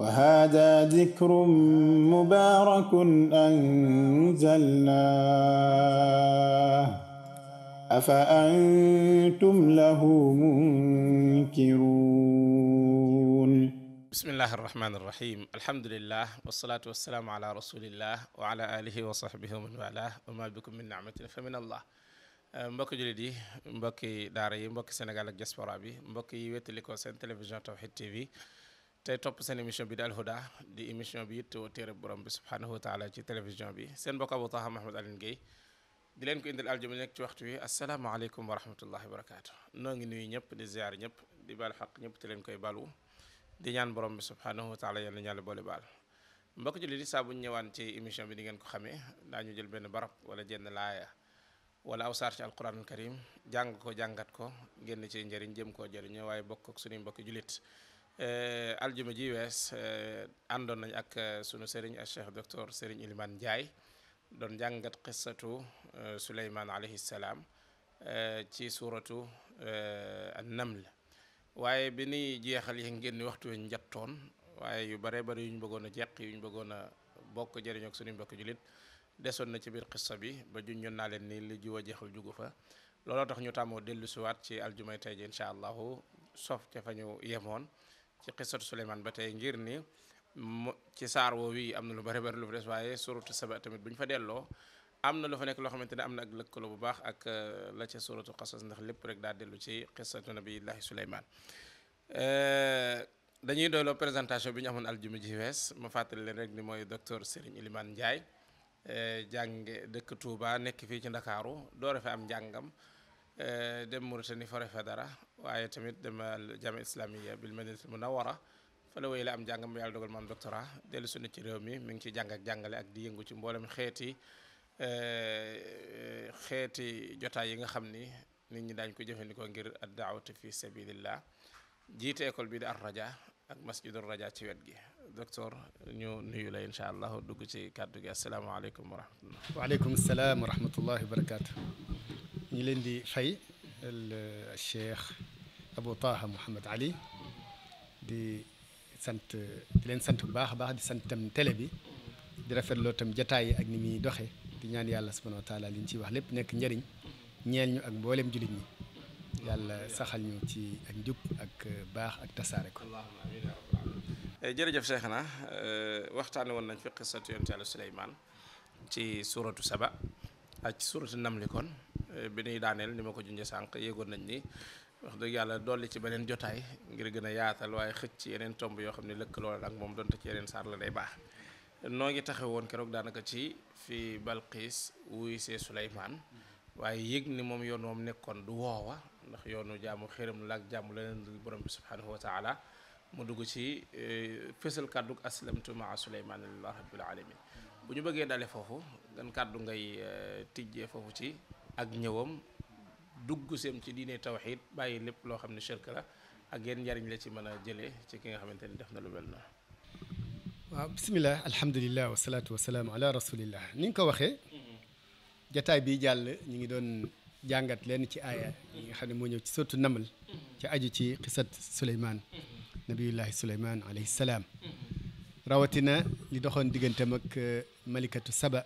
وهذا ذكر مبارك أنزلناه أفأنتم له منكرون بسم الله الرحمن الرحيم الحمد لله والصلاة والسلام على رسول الله وعلى آله وصحبه ومن والاه وما بكم من نعمة فمن الله mbokki jullit yi mbokki daara yi mbokki Sénégal ak diaspora bi mbokk yi wéttalikoo seen télévision Tawhid TV te topp seen émission bi di Alhuda di émission bi it téere borom bi subhaanahu wa taala ci télévision bi seen mbokk Abou Taha Mouhamed Alioune Guèye di leen ko indil aljuma nekk ci waxtu wi asalaamaaleykum wa rahmatullahi wa barakaatu noo ngi nuyu ñëpp di ziar ñëpp di baal ñëpp koy balu di ñaan borom bi subhaanahu wa taala yàlla ñàlla boole baal mbokk julli di saa bu ñu ñëwaan ci émission bi di ngeen ko xamee daañu jël benn barab wala jenn laaya wala aw saar ci alquranul karim jàng ko jàngat ko génn ci njariñ jëm koo jëriñoo waaye bokk ak suñuy mbokki jullit Eh, aljuma ji wees eh, àndoon nañ ak eh, sunu sëriñ ak cheikh docteur sëriñ Ilimane Ndiaye doon jàngat qissatu Suleymaan alayhi salaam ci suuratu an-naml waaye bi ni jeexal yi ngeen ni waxtu weñ njattoon waaye yu bare bari yu ñu bëggoon a yu ñu bëggoon a bokk jëriñoo ak suñu mbokk julit desoon na ci biir qissa bi ba junñoon naa leen ni li jiwa jeexal jugu fa looloo tax ñu tàmmoo dellusiwaat ci aljumay tey ji incha allahu sof ca fa ñu yemoon ci xisatu Suleymaan ba tey ngir ni ci saar woowu am na lu bari bari lu fi des waaye suratu saba tamit bu ñu fa delloo am na lu fa nekk loo xamante ne am na ak lëkkaloo bu baax ak euh, la ca suratu xasas ndax lépp rek daa dellu ci xisatu nabiyillahi Suleymaan euh, dañuy doyloo présentation bi ñu amoon aljuma ji wees ma fàttali leen rek ni mooy docteur Serigne Ilimane Ndiaye euh, jàng dëkk Touba nekk fii ci Ndakaaru doo fi am njàngam Eh, dem Mauritanie fore fa dara waaye tamit demal jami islamia bil madinatul munawwara fa la wéy la am jàngam yàlla dogal ma am doctorat dellu ci réew mi mi ngi ci jàng ak jàngale ak di yëngu ci mboolem xeeti eh, xeeti jotaay yi nga xam ni nit ñi daañ ko jëfandikoo ngir ad daawatu fi sabilillah jiite école bi di ar raja ak masjidul raja ci wet gi docteur ñu nuyu la incha allah dugg ci kàddu gi asalaamaaleykum wa rahmatullah waaleykum salaam wa wa barakatu ñi leen di fay al cheikh abou taha mouhamad ali di sant leen sant bu baax a baax di sant tam télé bi di rafetloo tam jataay yi ak ni muy doxe di ñaan yàlla subhanahu wa taala li ñu ciy wax lépp nekk njariñ ñeel ñu ak mbooleem jullit ñi yàlla saxal ñu ci ak njub ak baax ak tasaare ko eh, jërëjëf Cheikhna eh, waxtaane woon nañ fi qissatu yonent yàlla Suleymaan ci suuratu saba ak ci suuratu namli kon Eh, bi nuy daaneel ni ma ko junjee sànq yéegoon nañ ni wax dëgg yàlla dolli ci beneen jotaay ngir gën a yaatal waaye xëcc ci yeneen tomb yoo xam ne lëkkaloo ak moom donte ci yeneen saar la day baax noo ngi taxe woon keroog daanaka ci fi Balqiis wuy see Suleymaan waaye yëg ni moom yoon moom nekkoon du woowa ndax yoonu jaamu xéram la ak jaamu leneen dul borom bi subhaanahu wa mu dugg ci eh, fësal kàddu aslamtu maa Suleymaan lillah rabbil alamin bu ñu bëggee dale foofu gan eh, ci ak ñëwam dugg seem ci diine tawxiid bàyyi lépp loo xam ne shirk la ak yenn njariñ la ci mën a jëlee ci ki nga xamante ni def na lu mel na waaw bisimilah alhamdulilah wasalaatu wasalaamu ala rasulillah ni ngi ko waxee jataay bi jàll ñu ngi doon jàngat leen ci aaya yi nga xam ne moo ñëw ci sotu namal ci aju ci xisat suleyman nabiyullahi suleyman alayhi salaam rawatina li doxoon digganteem ak uh, malikatu saba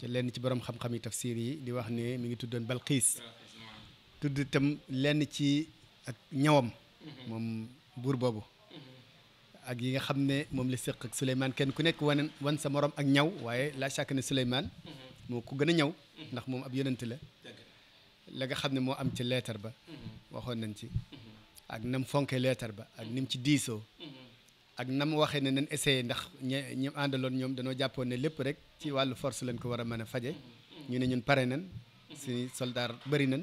te lenn ci boroom xam-xam yi tafsir yi di wax ne mu ngi tuddoon Balqiis tudd tam lenn ci ak ñawam mm-hmm. moom buur boobu mm-hmm. ak yi nga xam ne moom la séq ak Souleymane kenn ku nekk wan wan sa moroom ak ñaw waaye laa chaque ne Souleymane mm-hmm. moo ko gën a ñaw ndax moom ab yonent la la nga xam ne moo am ci leetar ba waxoon nañ ci ak nam fonke leetar ba ak nim ci diisoo ak na mu waxee ne nañ essayé ndax ñe ñi àndaloon ñoom dañoo jàppoon ne lépp rek ci wàllu force lañ ko war a mën a faje ñu ne ñun pare nan suñu soldaar bëri nañ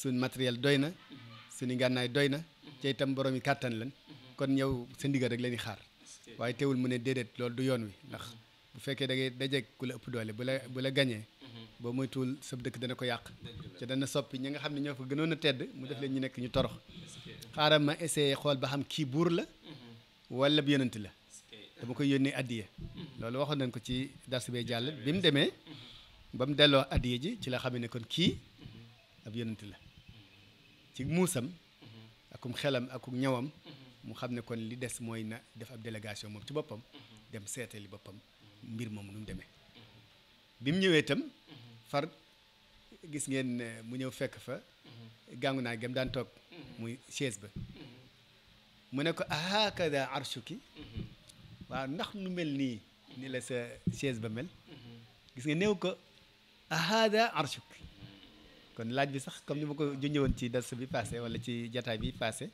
suñ matériel doy na suñu gànnaay doy na ci itam borom yi kàttan lañ kon ñëw sa ndigal rek la ñuy xaar waaye teewul mu ne déedéet loolu du yoon wi ndax bu fekkee da ngay dajeeg ku la ëpp doole bu la bu la gañee boo moytuwul sab dëkk dana ko yàq te dana soppi ñi nga xam ne ñoo fa gënoon a tedd mu def leen ñu nekk ñu torox wala bi yonent la dama koy yónnee addiye loolu waxoon nañ ko ci dars bee jàll bi mu demee ba mu delloo addiye ji ci la xam ne kon kii ab yonent la ci muusam akum xelam akum ñawam mu xam ne kon li des mooy na def ab délégation moom ci boppam dem seetali boppam mbir moom lu mu demee bi mu ñëwee itam far gis ngeen eh, mu ñëw fekk fa gàngu naa gem daan toog muy chaise ba mu ne ko a hakada arshuki waaw ndax nu mel nii ni la sa chaise ba mel gis nga néew ko ahada arshuk kon laaj bi sax comme ni ma ko junjëwoon ci dars bi passé wala ci jataay bi passé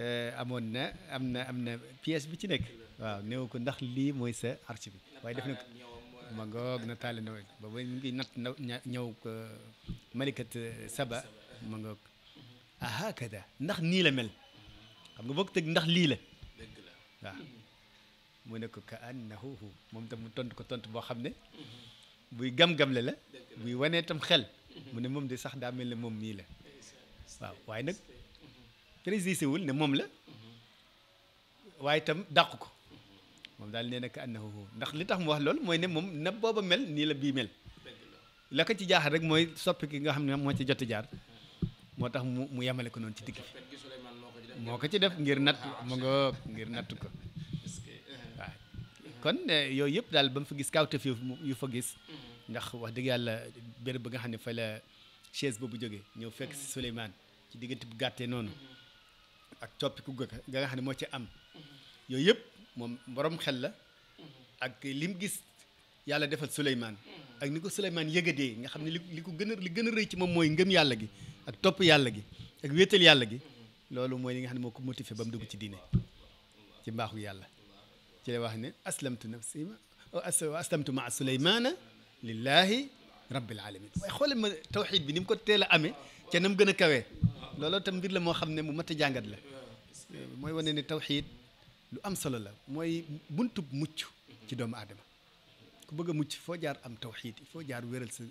eh, amoon na am na am na pièce bi ci nekk waaw new ko ndax lii mooy sa arsh bi waaye def na ko ma ngoog na taale na ba ba ngi natt na ñëw ko malikat eh, saba ma ngoog ahakada ndax nii la mel xam nga bokk tëgg ndax lii la dëgg la waaw mu ne ko ka moom tam mu tontu ko tontu boo xam ne buy gam-gamle la buy wanee tam xel mhm. mu ne moom de sax daa mel ne moom mii la waaw waaye nag mhm. précisé wul ne moom la mhm. waaye itam dàq ko moom daal nee na ka annahu ndax li tax mu wax loolu mooy ne moom na booba mel nii la bii mel la ko ci jaaxal rek mooy soppi ki nga xam ne moo ci jot jaar moo tax mu mu yemale ko noonu ci digg bi moo ko ci def ngir natt mu nga ngir natt ko waaw kon eh, yooyu yëpp daal ba mu fa gis kawtef yu fa gis ndax wax dëgg yàlla béréb ba nga xam ne fa la chaise boobu jógee ñëw fekk si Souleymane ci diggante bu gàttee noonu ak coppiku ga ga nga xam ne moo ci am yooyu yëpp moom borom xel la ak li mu gis yàlla defal Souleymane ak ni ko Souleymane yëgadee nga xam ne li li ko gën a li gën a rëy ci moom mooy ngëm yàlla gi ak topp yàlla gi ak wéetal yàlla gi loolu mooy li nga xam ne moo ko motivé ba mu dugg ci diine ci mbaaxu yàlla ci la wax ne aslamtu nafsi ma aslamtu ma suleymaana lillahi rabbil alamin waaye xoolal ma tawxid bi ni mu ko teel a amee ca nam gën a kawee looloo tam mbir la moo xam ne mu mat jàngat la mooy wane ne tawxid lu am solo la mooy buntub mucc ci doomu aadama ku bëgg a mucc foo jaar am tawxid foo jaar wéral sa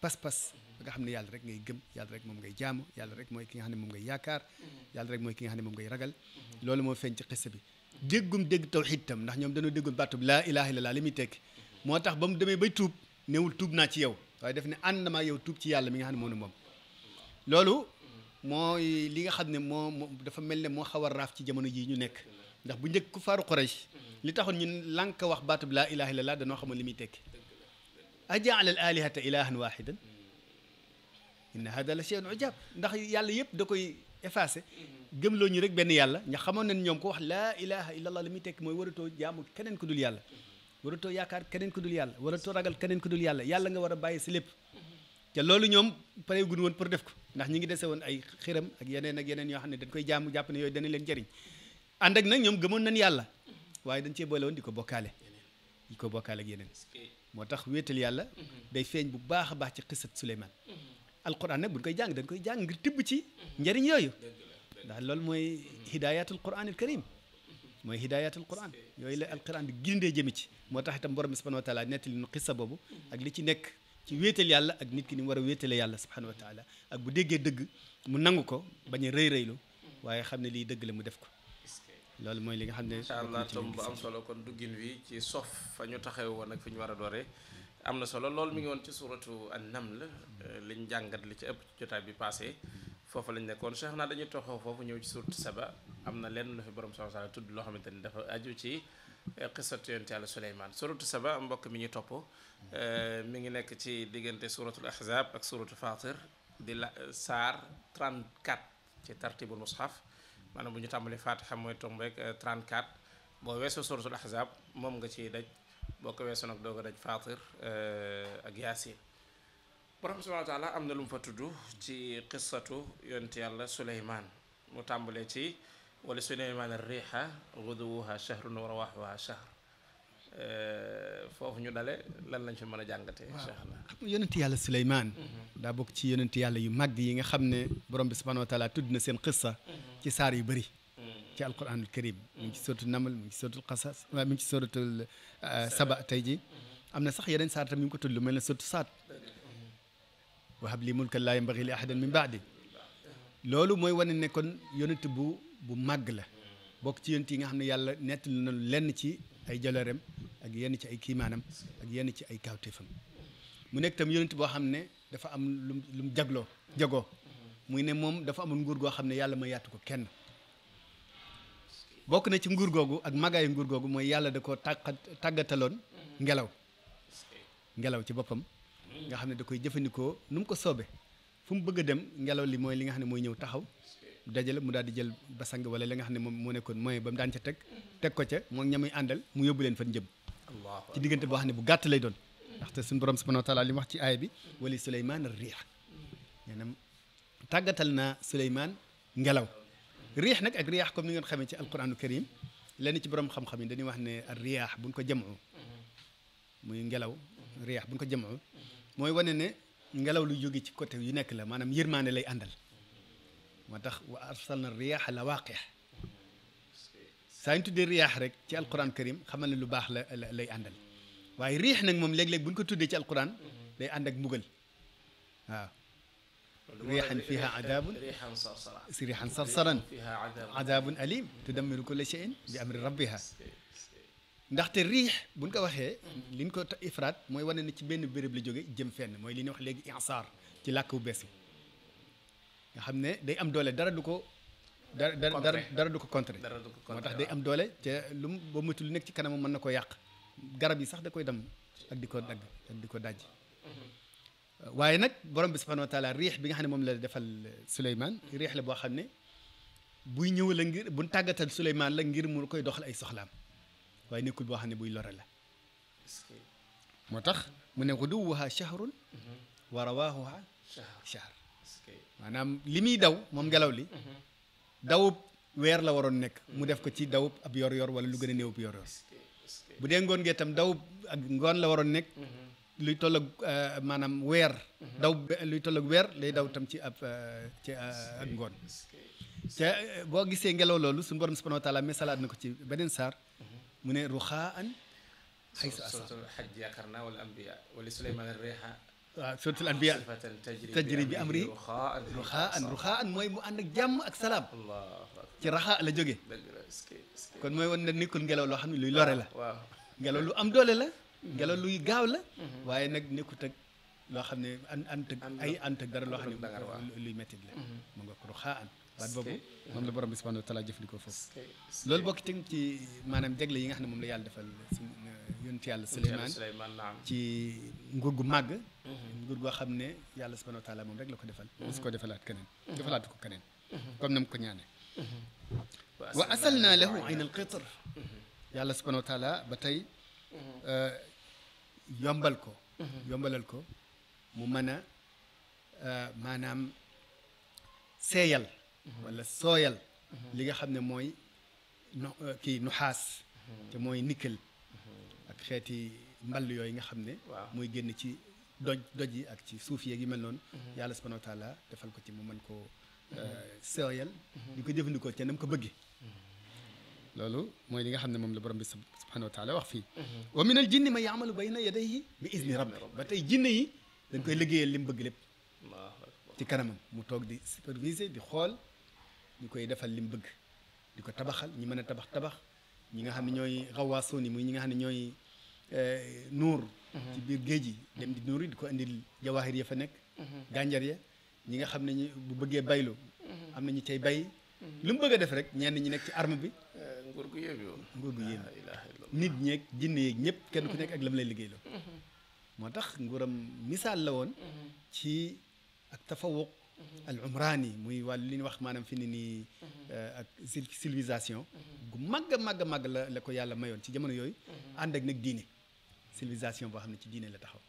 pas-pas ba nga xam ne yàlla rek ngay gëm yàlla rek moom ngay jaamu yàlla rek mooy ki nga xam ne moom ngay yaakaar yàlla rek mooy ki nga xam ne moom ngay ragal loolu moo feeñ ci xissa bi déggum dégg tawxiid tam ndax ñoom dañoo déggul baatub laa ilaha illallah li muy tekki moo tax ba mu demee bay tuub newul tuub naa ci yow waaye def ne ànd yow tuub ci yàlla nga xam ne moo nu moom loolu li nga xam ne moo dafa mel ne moo xaw a raaf ci jamono jii ñu nekk ndax bu njëkk ku faaru Quraysh li taxoon ñun lànk wax baatub laa ilaha illallah danoo xamoon li muy tekki ajaala al alihata ilahan wahidan inna hada la shay'un ujab ndax yàlla yëpp da koy effacé gëmloo ñu rek benn yàlla ña xamoon nañ ñoom ko wax laa ilaha illallah li muy tekk mooy waratoo jaamu keneen ko dul yàlla waratoo yaakaar keneen ku dul yàlla waratoo ragal keneen ku dul yàlla yàlla nga war a bàyyi si lépp te loolu ñoom pare gun woon pour def ko ndax ñu ngi dese woon ay xiram ak yeneen ak yeneen yoo xam ne dañ koy jaamu jàpp ne yooyu dana leen jëriñ ànd ak nag ñoom gëmoon nañ yàlla waaye dañ cee boole di ko bokkaale di ko bokkaale ak yeneen moo tax wéetal yàlla mhm. day feeñ bu baax a baax ci xisat Suleymaan mhm. alquran nag buñ koy jàng dañ koy jàng ngir tibb ci mhm. njëriñ yooyu ndax loolu mooy hidayatul quran al karim mooy hidayatul quran yooyu la alquran di gindee jëmi ci moo tax itam borom bi subhanahu wa taala nettali nu xissa boobu ak li ci nekk ci wéetal yàlla ak nit ki ni mu war a wéetale yàlla subhanahu wa taala ak bu déggee dëgg mu nangu ko bañ a rëy rëylu waaye xam ne lii dëgg la def ko loolu mooy li nga xam ne. incha allah tom bu am solo kon duggin wi ci sof fa ñu taxaw woon ak fi ñu war a dooree. am na solo loolu mi ngi woon ci suuratu an-naml euh, liñ jàngat li ci ëpp jotaay bi passé foofu lañu nekkoon Cheikh naa dañuy toxoo foofu ñëw ci suratu saba am na lenn lu fi borom soo saala tudd loo xamante ni dafa aju ci euh, qissatu yonent Yàlla Suleymaan suratu saba mbokk mi ñu topp euh, mi ngi nekk ci diggante suratul ahzab ak suratu fatir di la saar 34 ci tartibul mushaf maanaam bu ñu tàmbalee Fatiha mooy tomb rek 34 euh, boo weesoo suratul ahzab moom nga ci daj boo ko weesoo nag doo ko daj Fatir euh, ak Yaasin borom subhanahu wa taala am na lu mu fa tudd ci qissatu yonent yàlla Suleymaan mu tàmbalee ci wala Suleymaan ar na ghuduwuha shahrun wa rawahuha shahr Euh, foofu ñu dale lan lañ fi mën a jàngatee. waaw xam nga yonent yàlla Suleymaan mhm. daa bokk ci yonent yàlla yu màgg yi nga xam ne borom bi subhaanahu wa taala tudd na seen xissa mhm. ci saar yu bëri. Mhm. ci alquranul karim mu ngi ci suratul namal mu ngi ci suratul qasas mu ngi ci suratul saba tey ji am na sax yeneen saar tam yu ngi ko tudd lu mel ne suratul saat wahab li mulkan laa yambagi li ahadan min di loolu mooy wane ne kon bu bu màgg la bokk ci ay jaloorem ak yenn ci ay kiimaanam ak yenn ci ay kawtéefam mu nekk tam yonent boo xam ne dafa am lu mu jagloo jagoo muy ne moom dafa amoon nguur goo xam ne yàlla ma yàttu ko kenn bokk na ci nguur googu ak magaayu nguur googu mooy yàlla da ko tàqa tàggataloon ngelaw ngelaw ci boppam nga xam ne da koy jëfandikoo nu mu ko soobe fu mu bëgg a dem ngelaw li mooy li nga xam ne mooy ñëw taxaw dajale mu daal di jël basang wala li nga xam ne moom moo nekkoon mooy ba mu daan ca teg teg ko ca moom ñamuy àndal mu yóbbu leen fan jëm ci diggante boo xam ne bu gàtt lay doon ndaxte suñu borom subhanahu wa taala li mu wax ci aaya bi wali suleymaan riix nee na tàggatal naa suleymaan ngelaw riix nag ak riyaax comme ni ngeen xamee ci alquranu karim lenn ci borom xam-xam yi wax ne riyaax buñ ko jamoo muy ngelaw riyaax buñ ko jamoo mooy wane ne ngelaw lu jóge ci côté yu nekk la maanaam yërmaane lay àndal moo tax wa arsalna riyaax la waaqix saa ñu tuddee riyaax rek ci alquran karim xamal ne lu baax la lay àndal waaye riix nag moom léeg-léeg bu ñu ko tuddee ci alquran day ànd ak mbugal waaw riixan fiha adabun si riixan sarsaran adabun alim tudammiru kulla cheyin bi amri rabbiha ndaxte riix buñ ko waxee liñ ko ifraat mooy wane ne ci benn béréb la jóge jëm fenn mooy li ñuy wax léegi insaar ci làkk bu bees nga xam ne day am doole dara du ko. dara dara dara du ko contrer. dara du ko moo tax day am doole te lu mu ba moytu lu nekk ci kanamam mën na ko yàq garab yi sax da koy dem ak di ko dagg ak di ko daj. Mm-hmm. waaye nag borom bi subhanahu wa taala riix bi nga xam ne moom la defal Souleymane riix la boo xam ne buy ñëw la ngir bu tàggatal Souleymane la ngir mu koy doxal ay soxlaam waaye nekkul boo xam ne buy lore la. moo tax mu ne ko duwuha shahrun mm-hmm. wa rawaahuha shahr maanaam li muy daw moom ngelaw li dawub weer la waroon nekk mu def ko ci dawub ab yor yor wala lu gën a néewub yor yor bu dee ngoon gee tam dawub ak ngoon la waroon nekk luy toll ak euh, maanaam weer daw luy toll ak weer lay daw tam ci ab euh, ci euh, ak ngoon ca boo gisee ngelaw loolu su borom subhanahu wa taala mesalaat na ko ci beneen saar mu ne ruxaan xaysu asar yaakaar naa wala ambiya wala suleymaan reexa waaw suratul anbiya tajri bi amri ruxaan ruxaan mooy mu ànd ak jàmm ak salaam ci raxaa la jóge kon mooy won ne nekkul ngelaw loo xam ne luy lore la ngelaw lu am doole la mhm. ngelaw luy gaaw la mhm. waaye nag nekkut ak loo xam ne an ant ak ay ant ak dara loo xam ne luy métti la mhm. mu nga ruxaan baat boobu moom la borom bi subhanahu wa taala foofu loolu bokk maanaam jagle yi nga xam ne moom la yàlla defal yonent yàlla Suleymaan ci nguur gu màgg mm-hmm. nguur goo xam ne yàlla subhanahu wa moom rek la ko defal musu mm-hmm. ko defalaat keneen mm-hmm. defalaatu ko keneen comme na mu ko ñaane wa asal naa lahu ayn al qitr yàlla subhanahu wa ba tey euh, yombal ko yombalal ko mu mën a euh, maanaam seeyal wala sooyal li nga xam ne mooy no euh, nuxaas te mooy nikkel xeeti mball yooyu nga xam ne muy génn ci doj doj yi ak ci suuf yeeg yi mel noonu mm-hmm. yàlla subhanahu wa taala defal ko ci mu mën ko sooyal ñu ko jëfandikoo ca nam ko bëggee mm-hmm. loolu mooy li nga xam ne moom la borom bi subhanahu wa wax fii mm-hmm. wa min al jinni ma yaamalu bayna yadayhi bi izni rabbi ba tey jinne yi dañ koy liggéeyal li mu bëgg lépp ci kanamam mu toog di superviser di xool ñu koy defal li mu bëgg di ko tabaxal ñi mën a tabax tabax ñi nga Eh, nuur ci biir géej gi dem di nuur yi di ko indil jawaahir ya fa nekk mhm. gànjar ya ñi nga xam ne bu bëggee baylu mhm. am na ñu cay bay mhm. lu mu bëgg a def rek ñenn ñi nekk ci arme bi eh, nguur gu yéem yow nguur nit ñeeg jinne yeeg ñëpp kenn ku nekk ak lam lay liggéey la moo tax nguuram misaal la woon ci ak tafawuq al umraani muy wàllu li ñu wax maanaam fi ni nii eh, ak civilisation gu mag a màgg la la ko yàlla mayoon ci jamono yooyu ànd ak nag diine civilisation boo xam ne ci diine la taxaw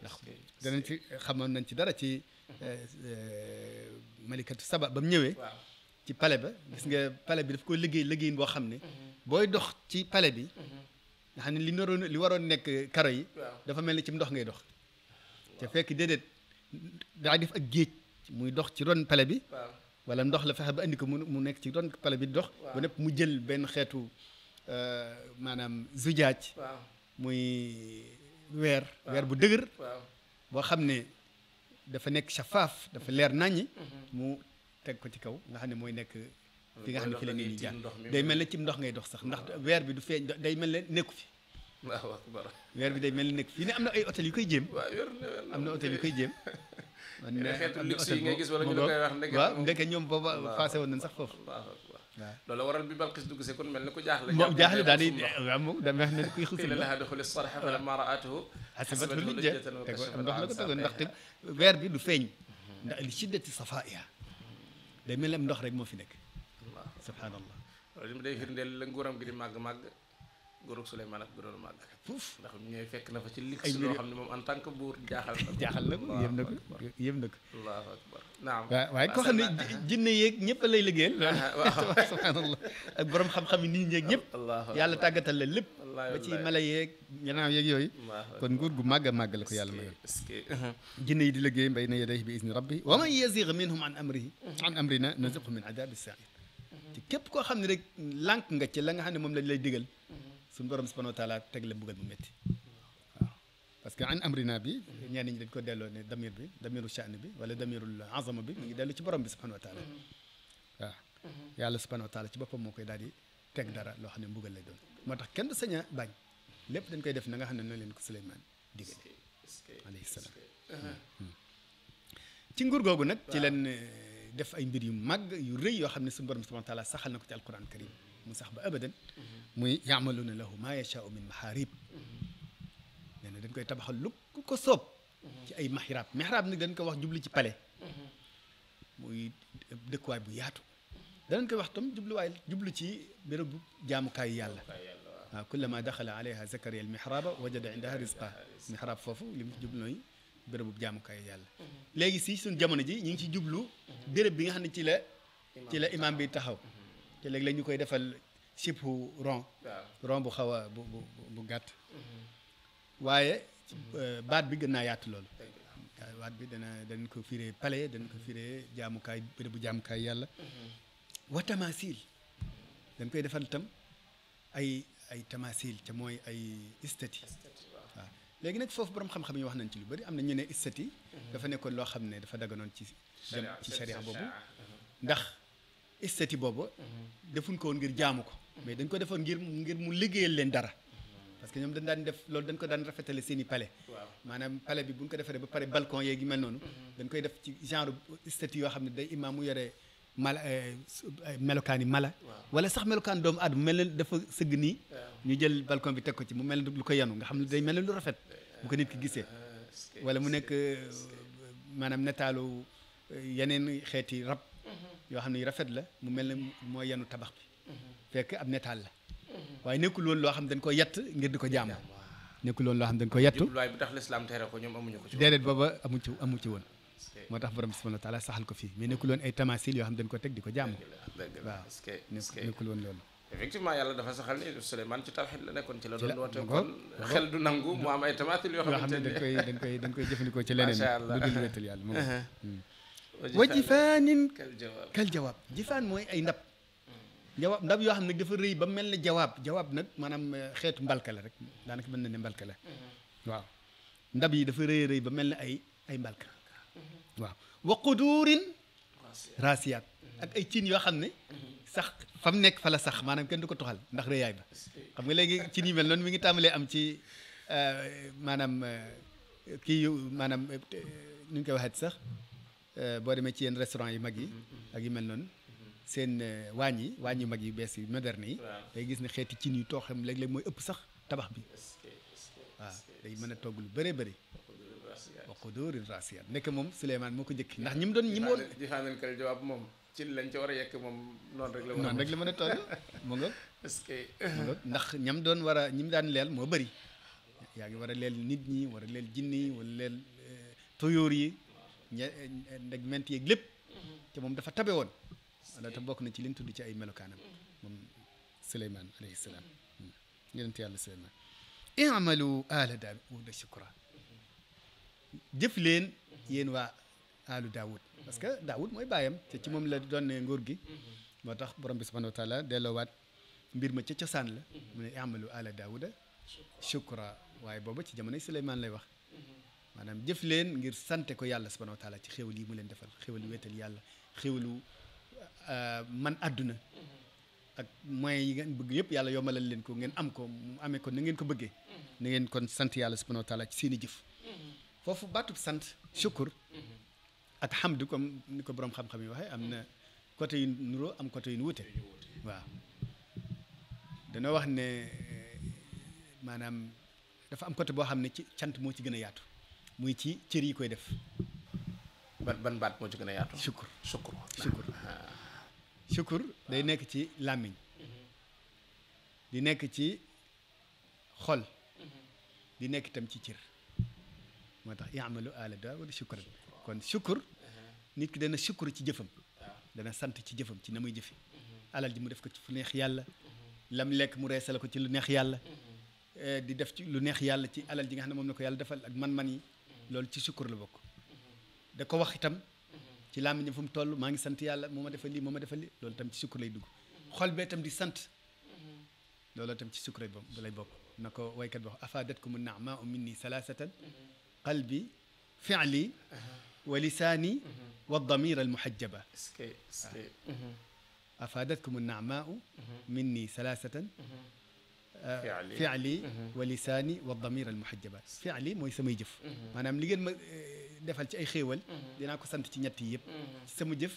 ndax danañ ci xamoon nañ ci dara ci euh, euh, malikatu saba ba mu ñëwee ci pale ba gis nga pale bi daf ko liggéey liggéeyin boo xam ne mhm. booy dox ci pale bi mhm. nga xam ne li naroon li waroon nekk karo yi dafa mel ni ci ndox ngay dox te fekk déedéet daa def ak géej muy dox ci ron pale bi wala ndox la fexe ba indi ko mu nekk ci ron pale bi dox ba nepp mu jël benn xeetu euh, maanaam zujaaj muy weer. weer bu dëgër. boo xam ne dafa nekk safaaf dafa leer naññi. Mhm. mu teg ko ci kaw nga xam ne mooy nekk. fi nga xam ne fi la nit ñi jaar day mel ne cim ndox ngay dox sax ndax weer bi du feeñ day mel ne nekku fi. waaw weer bi day mel ne nekk fi ne am na ay hôtel yu koy jéem. am na hôtel yu koy jéem. man ne am na hôtel boo mu boo waaw ndeke ñoom booba passé woon nañ sax foofu. loolu waral bi Balqis dugg see kon mel ni ku jaaxle. moom jaaxle daal di waaw moom damay wax ne kuy xusul la lahaa duxuli sarxa falammaa ra'athu xasibathu lujjatan wa kashafa ndox la weer bi du feeñ. ndax li shiddati safaa'ihaa day mel ne ndox rek moo fi nekk. subhaanallah loolu day firndeel la nguuram góorug Souleymane ak góorug Mag. puuf ndax ñooy fekk na fa ci ligg si loo xam ne moom en tant que buur jaaxal na ko. jaaxal na ko yëm na ko yëm na ko. allahu akbar naam. waaw waaye koo xam ne jinne yeeg ñëpp lay liggéeyal. waaw subhanallah ak borom xam-xam yi nii ñeeg ñëpp. yàlla tàggatal la lépp. ba ci mala yeeg ñanaaw yeeg yooyu. kon nguur gu màgg a màgg la ko yàlla mayoon. jinne yi di liggéey mbay na yadayhi bi izni rabbi wa man yazigh minhum an amrihi an amrina naziqhu min adabi sair ci mm-hmm. képp koo xam ne rek lànk nga ci la nga xam ne moom lañ lay digal mm-hmm. suñu borom subhanahu wa teg la mbugal mu métti waaw parce que an amrina bi ñenn ñi dañ ko delloo ne damir bi damiru sha'n bi wala damirul azama bi mu ngi dellu ci borom bi subhanahu wa taala mm-hmm. yàlla subhanahu wa taala ci boppam moo koy daal di teg dara loo xam ne mbugal lay doon moo tax kenn du sañ bañ lépp dañ koy def na nga xam ne noonu leen ko Suleymaan digale alayhi salaam uh-huh. mm-hmm. ci nguur googu nag ci leen euh, def ay mbir yu màgg yu rëy yoo xam ne suñu borom subhanahu wa taala saxal na ko ci alquran karim mu sax ba abadan muy yaamaluuna la maa yachaau min maharib nee na koy tabaxal lu ko soob ci ay mahraab mahraab nag dañ ko wax jublu ci palais muy dëkkuwaay bu yaatu danañ koy wax tam jubluwaay jublu ci bérébu jaamukaayu yàlla waaw kullama daxala li mu jublu mooy bérébu jaamukaayu yàlla léegi si suñ jamono ji ñu ngi ci jublu béréb bi nga xam ne ci la ci la imam taxaw te léeg-léeg ñu koy defal sipu rond rond bu xaw a bu bu gàtt mm-hmm. waaye mm-hmm. Euh, baat bi gën naa yaatu loolu baat bi dana dañ ko firee palais dañ ko fiire jaamukaay bërëb bu jaamukaay yàlla mm-hmm. wa tamasil dañ koy defal tam ay ay tamasil te mooy ay istati léegi nag foofu borom xam-xam yi wax nañ ci lu bari am na ñu ne istati dafa nekkoon loo xam ne dafa dagganoon ci jëm boobu ndax esthétique boobu defuñ ko woon ngir jaamu ko mais dañ ko defoon ngir ngir mu liggéeyal leen dara parce que ñoom dañ daan def loolu dañ ko daan rafetale seeni pale palais maanaam palais bi bu buñ ko defaree ba pare balkon yeeg yi mel noonu dañ koy def ci genre statue yoo xam ne day imaam mu yore mala euh, melokaani mala wala sax melokaan doomu aadama mel ne dafa sëgg nii ñu jël balcon bi teg ko ci mu mel ne lu ko yanu nga xam ne day mel ne lu rafet bu ko nit ki gisee uh, uh, wala mu nekk euh, maanaam netaalu euh, yeneen xeeti rab yoo xam ne yu rafet la mu mel ne mooy yenu tabax bi mm-hmm. fekk ab netaal la mm-hmm. waaye nekkul woon loo xam dañ ko yett ngir di ko jaamu nekkul woon ko yettu jubluwaay bu tax lislaam tere ko ñoom amuñu ko ci déedéet booba amu ci amu ci woon moo tax borom bi subhanahu wa taala ko fii ko teg di ko jaamu waaw nekkul woon loolu effectivement yàlla dafa saxal ni Souleymane ci tawxid la nekkoon ci la doon woote kon xel du nangu mu am ay tamasil yoo xam ne dañ koy dañ koy dañ jëfandikoo ci leneen lu dul wéetal yàlla wa jifaanin kal jawaab jifaan mooy ay ndab jawaab ndab yoo xam ne dafa rëy ba mel ne jawaab jawaab nag maanaam eh, xeetu mbalka la rek daanaka mel na ne mbalka la mm-hmm. waaw yi dafa rëy rëy ba mel ne ay ay mbalka mm-hmm. waaw wa quduurin raasiyaat ak ay cin yoo xam ne mm-hmm. sax fa nekk fa la sax maanaam kenn du ko toxal ndax rëyaay ba xam nga léegi cin yi mel noonu mi ngi tàmbalee am ci eh, maanaam eh, kii yu maanaam nu ñu koy waxeet sax Euh, boo demee ci yenn restaurant yu mag yi mm-hmm. ak yu mel noonu seen euh, waañ yi waañ yu mag yu bees yi moderne yi day gis ne xeeti cin yu too xam léeg mooy ëpp sax tabax bi waaw day mën a togg lu bëree bëri waqo dóoril rasiat nekk moom Souleymane moo ko njëkk ndax ñi doon ñi mu woon jifaanan kal lañ ca war a yekk moom noonu rek la noonu rek la mën a togg mu nga que ndax ñam doon war a ñi mu daan leel moo bari yaa ngi war a leel nit ñi war a leel jinni wala leel euh, tuyóor yi ña eh, ndeg ment yeeg lépp mm-hmm. te moom dafa tabe woon wala te bokk nañ ci liñ tudd ci ay melokaanam mm-hmm. moom suleyman alayhi salaam mm-hmm. yonent yàlla suleyman imalu ala daawuda shukra jëf leen yéen waa alu daawud parce que daawud mooy baayam te ci moom la doon ne nguur gi moo tax borom bi subhanahu wa taala delloowaat mbir ma ca cosaan la mu ne imalu ala daawuda shukra waaye boobu ci jamonoy suleyman lay wax maanaam jëf leen ngir sante ko yàlla subhanahu wa taala ci xéwal yi mu leen defal xéwalu wéetal yàlla xéwalu euh, man àdduna ak moyens yi ngeen bëgg yëpp yàlla yombalal leen ko ngeen am ko mu amee ko na ngeen ko bëggee na ngeen kon sant yàlla subhanahu wa taala ci seen i jëf foofu baatub sant shukur ak hamdu comme ko boroom xam-xam yi waxee am na côté yu nuroo am côté yu wuute waaw dana wax ne maanaam dafa am côté boo xam ne ci cant moo ci gën a yaatu muy ci cër yi koy def. ban ban baat moo ci gën a yaatu. sukkur sukkur ah. day nekk ci làmmiñ mm-hmm. di nekk ci xol. Mm-hmm. di nekk itam ci cër. moo tax yaamalu aala daa wala sukkuran kon sukkur. Mm-hmm. nit ki dana sukkur ci jëfam. dana sant ci jëfam ci na muy jëfi alal ji mu def ko ci fu neex yàlla. lam lekk mu reesal ko ci lu neex yàlla. Eh, di def ci lu neex yàlla ci alal ji nga xam ne moom la ko yàlla defal ak man-man yi. loolu ci sukkur la bokk da ko wax itam ci làmmiñam fu mu toll maa ngi sant yàlla moo ma defal lii moo ma defal lii loolu itam ci sukkur lay dugg xol bee itam di sant loolu itam ci sukkur lay bokk na ko waykat bi wax afadatkum an-ni'ma'u minni salasatan qalbi fi'li wa lisaani wa damir al-muhajjaba ah. afadatkum an-ni'ma'u minni fi'li wa lisaani wa damir al muhajjabaat fi'li mooy samay jëf maanaam li ngeen ma defal ci ay xéewal dinaa ko sant ci ñett yi yëpp ci sama jëf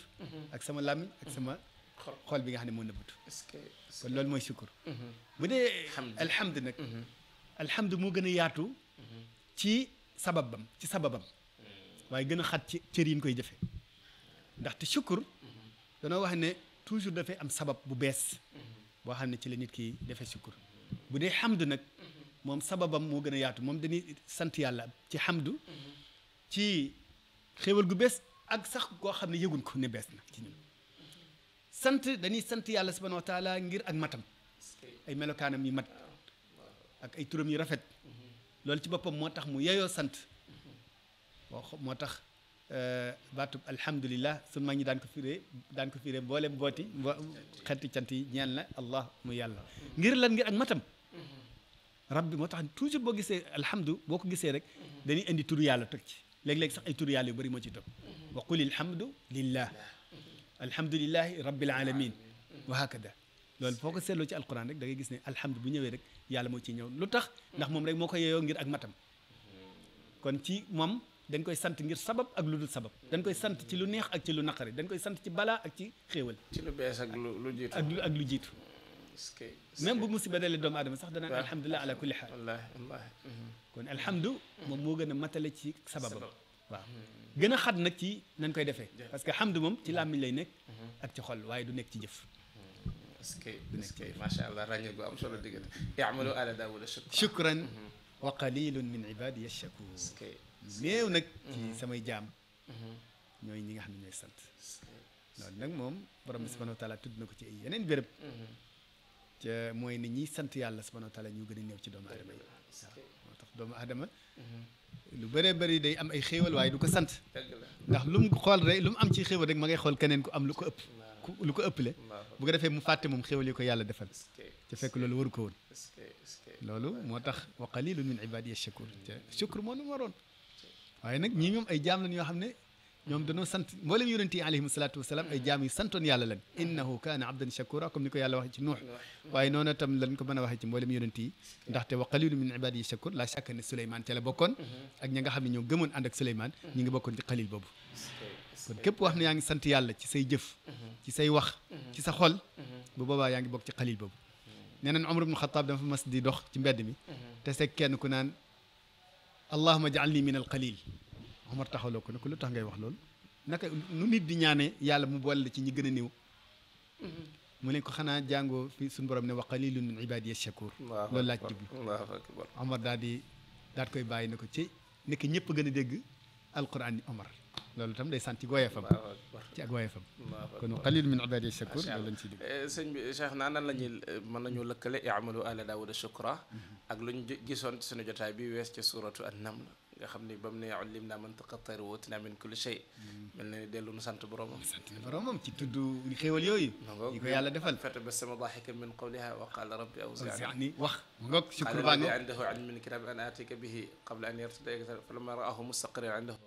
ak sama làmmiñ ak sama xool bi nga xam ne moo nëbbatu kon lool mooy sukkur bu dee alhamd nag alhamd moo gën a yaatu ci sababam ci sababam waaye gën a xat ci cër yi koy jëfe ndaxte sukkur danoo wax ne toujours dafay am sabab bu bees boo xam ne ci la nit ki defe sukkur bu dee xamdu nag moom sababam moo gën a yaatu moom dañuy sant yàlla ci xamdu ci gu bees ak sax koo xam ne yëgun ko ne bees na sant dañuy sant yàlla subhanahu wa ngir ak matam ay melokaanam yu mat ak ay turam yu rafet loolu ci boppam moo tax mu yeyoo sant boo moo tax euh, baatub alhamdulillah sunu mag ñi daan ko firee daan ko fiire mboolem mbooti mbo xeeti cant yi ñeel na allah mu yàlla ngir lan ngir ak matam rabbi moo tax toujours boo gisee alhamdu boo ko gisee rek dañuy indi turu yàlla teg ci léeg-léeg sax ay turu yàlla yu bari moo ci topp wa qul alhamdu lillah alhamdulillahi rabbil alamin wa hakada loolu foo ko seetloo ci alquran rek da ngay gis ne alhamdu bu ñëwee rek yàlla moo ciy ñëw lu tax ndax moom rek moo ko yeyoo ngir ak matam kon ci moom dañ koy sant ngir sabab ak lu dul sabab dañ koy sant ci lu neex ak ci lu naqari dañ koy sant ci balaa ak ci xéewal ci lu bees lu jiitu même bu musiba dalee doomu aadama sax danaan alhamdulilah ala kulli xaal kon alhamdu moom moo gën a matale ci sababam waaw gën a xat nag ci nañ koy defee parce que hamdu moom ci làmmiñ lay nekk mhm. ak ci xol waaye du nekk ci jëf parce mm-hmm. que du nekk ci macha allah ràññee gu am solo diggante yaamalu ala daawuda shukran mm-hmm. wa qalilun min ibadiya shakur néew nag ci mm-hmm. samay jaam ñooy ñi nga xam ne ñooy sant loolu nag moom borom bi subhanahu wa taala tudd na ko ci ay yeneen béréb ca mooy ni ñiy sant yàlla subhanahu wa taala ñu gën a néew ci doomu aadama yi moo tax doomu aadama mhm. lu bëree bëri day am ay xéewal waaye du ko sant ndax lu mu xool rek lu mu am ci xéewal rek ma ngay xool keneen ku am lu ko ëpp lu ko ëpple bu ko defee mu fàtte moom yi ko yàlla defal ca fekk loolu waru ko loolu moo tax wa qalilun min ibadiya shakur ca mhm. shukur moo nu waroon waaye nag ñii moom ay jaam lañ yoo xam ne ñoom dañoo sant mboolem yonent yi alayhim salaatu wasalaam ay jaam yi santoon yàlla lan innahu kaana abdan shakura comme ni ko yàlla waxee ci nuux waaye noonu itam lañ ko mën a waxee ci mboolem yonent yi ndaxte wa qalilun min ibadi shakur la shakka ne Souleymane ca la ak ñi nga xam ne ñoo gëmoon ànd ak ngi bokkoon ci xalil boobu kon képp wax ne yaa ngi sant yàlla ci say jëf ci say wax ci sa xol bu boobaa yaa ngi bokk ci xalil boobu nee nañ Omar ibnu Xataab mas di dox ci Omar taxawloo ko nekk lu tax ngay wax loolu naka nu nit di ñaane yàlla mu boole ci ñi gën a néew mm-hmm. mu ne ko xanaa jàngoo fi suñu borom ne wax qalilun min ibadiya shakur loolu laaj jublu Omar daal di daal koy bàyyi ne ko ci nekk ñëpp gën dégg alquran yi Omar loolu itam day sant ci gooyeefam ci ak gooyeefam kon qalil min ibadiya shakur loolu lañ ci dégg eh, sëñ bi Cheikh naa nan la ñuy mën nañu lëkkale i'malu ala daawuda shukra mm-hmm. ak lu ñu gisoon ci suñu jotaay bi wees ci suratu an-naml nga xam ni ba mu ne ullim naa man taqattar wootinaa min kulli shay mm. mel na ni dellu nu sant boromam sant boromam ci tudd xéewal yooyu yi ko yàlla defal fete ba sama daahika min qawliha wa qaala rabbi awzi'ni wax mu ngoog shukr baa ngoog indahu ilmin kitab an atika bihi qabla an yartada falamma ra'ahu mustaqirran indahu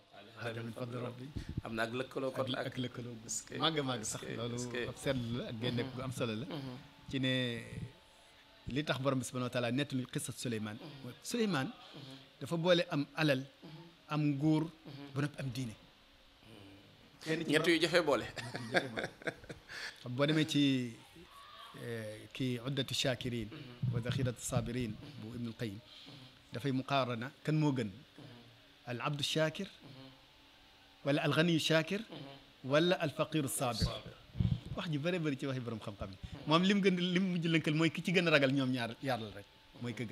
hada min fadli rabbi am na ak lëkkaloo kon ak lëkkaloo màgg màgg sax loolu ab seetlu la ak génne gu am solo la mm-hmm. Mm-hmm. ci ne li tax borom bi subhanahu wa taala nettali qissat Souleymane mm-hmm. Souleymane dafa boole am alal am nguur ba noppi am diine ñett yu jafe boole xam boo demee ci eh, kii uddatu shakirin wa daxiratu sabirin bu ibnul qayim dafay muqaarana kan moo gën al abdu shakir wala al ganiyu shakir wala al faqiru sabir wax ji bëri bëri ci waxi borom xam-xam yi moom lim gën lim mujj lënkal mooy ki ci gën ragal ñoom ñaar yàlla rek mooy ka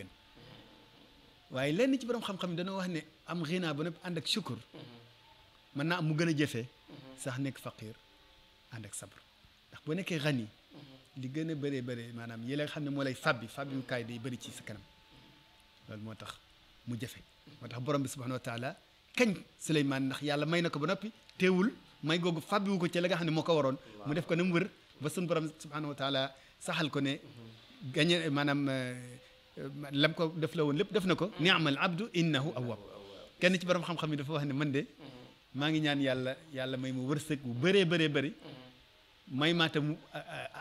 waaye lenn ci borom xam-xam yi dañoo wax ne am xinaa ba noppi ànd ak sukkur mm-hmm. mën naa am mu gën a jëfee mm-hmm. sax nekk faqir ànd ak sabr ndax boo nekkee xani mm-hmm. li gën a bëree bëree maanaam yi la xam ne moo lay fabbi fabbi kaay day bëri ci sa kanam moo tax mu jafe moo tax borom bi subhanahu wa taala kañ Suleymaan ndax yàlla may na ko ba noppi teewul may googu fàbbiwu ko ci la xam ne moo ko waroon mu def ko na mu wër ba sun borom subhanahu wa saxal ko ne maanaam lam ko def la lépp def na ko mm. niamal abdu innahu awwab kenn ci borom xam-xam yi dafa wax ne man de mm. maa ngi ñaan yàlla yàlla may mu wërsëg bu bëree bëree bëri mm. may maatam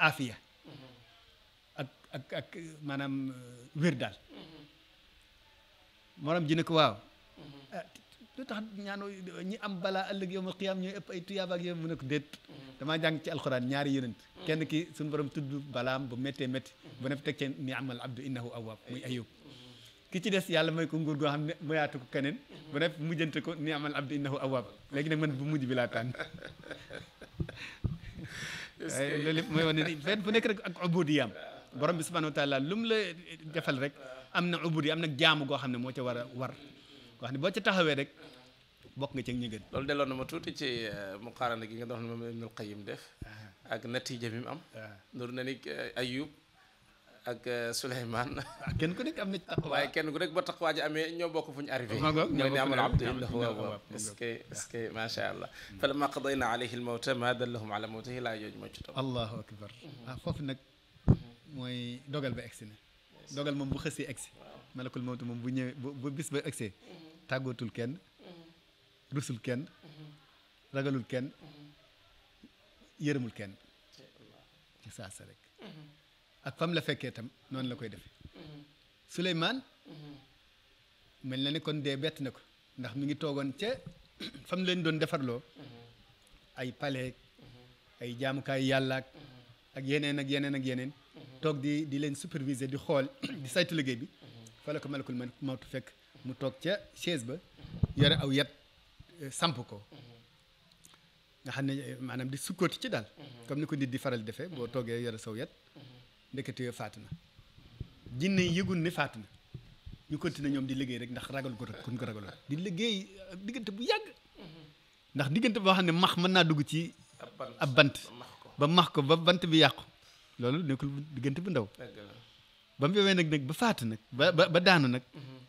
aafiya mm-hmm. ak ak ak maanaam euh, wér daal mm-hmm. morom ji waaw mm-hmm. ah, lu tax ñaanoo ñi am balaa ëllëg yow ma xiyaam ñooy ëpp ay tuyaaba ak mu nekk ko déet damaa jàng ci alxuraan ñaari yonent kenn ki suñu borom tudd balaam bu mettee métti bu ne ni amal abdu innahu awwaab ki ci des yàlla may ko nguur goo xam ne ko keneen bu ko ni amal abdu innahu awwaab léegi bu mujj bi laa mooy wane ni fenn fu nekk rek ak ubudiyaam borom bi subhanahu wa taala la eh, defal rek am na ubudi am na jaamu goo xam ne moo ca war a war wax ni boo ci taxawee rek bokk nga ci ñi gën loolu delloon na ma tuuti ci eh, muqaarana gi nga doon moom Ibnul Qayyim def ah. ak natiija bi mu am ah. nur na ni eh, Ayub ak eh, Souleymane ah, kenn ku nekk am na taqwa waaye kenn ku nekk ba taqwa ji amee ñoo bokk fu ñu arrivé mooy ne amal abdu indahu wa est-ce que est-ce que ma sha allah falamma qadayna ma dallahum ala mawtihi laa yooju ma ci taw allahu akbar ah foofu nag mooy dogal ba egsi na dogal moom bu xësee egsi malakul mawtu moom bu ñëwee bu bis ba agsee mm-hmm. tàggootul kenn mm-hmm. rusul kenn mm-hmm. ragalul kenn yërëmul kenn saa sa rek ak fam la fekkee tam noonu la koy defee Suleymaan mel na ne kon dee bett na ko ndax mu ngi toogoon ca fam leen doon defarloo ay paleek ay jaamukaay yàllaak ak yeneen ak yeneen ak yeneen toog di di leen superviser di xool di saytu liggéey bi fa la ko malakul mawtu fekk mu toog ca chaise ba yore aw yat eh, samp ko nga xam ne eh, maanaam di sukkooti ci daal comme ni ko nit di faral defe boo toogee yore saw yat ndekete yoo faatu na jinne yëgul ne faatu na ñu continuer ñoom di liggéey rek ndax ragal ko kun ko ragaloon di liggéey eh, diggante bu yàgg ndax diggante boo xam ne max mën naa dugg ci ab bant ba max ko ba bant bi yàqu loolu nekkul diggante bu ndaw ba mu yowee nag nag ba faatu nag ba ba daanu nag mm-hmm.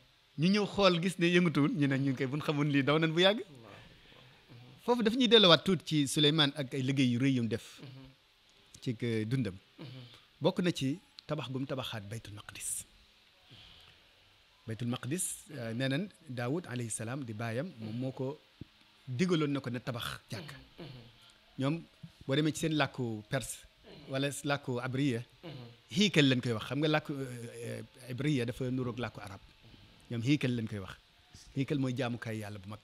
ñu ñëw xool gis ne yëngatuwul ñu ne ñun koy buñ xamoon lii daw nañ bu yàgg mm-hmm. foofu daf ñuy delluwaat tuut ci Souleymane ak ay liggéeyu rëy yu mu def mm-hmm. ci dundam bokk na ci tabax gum tabaxaat baytul maqdis baytul maqdis euh, nee nañ Daawud salaam di baayam moom moo ko digaloon na ko ne tabax jàkk ñoom boo demee ci seen làkku perse wala làkku abriya xiikal lañ koy wax xam nga làkku eh, eh, abriya dafa nuroog làkku arab ñoom xiikal lañ koy wax xiikal mooy jaamukaay yàlla bu mag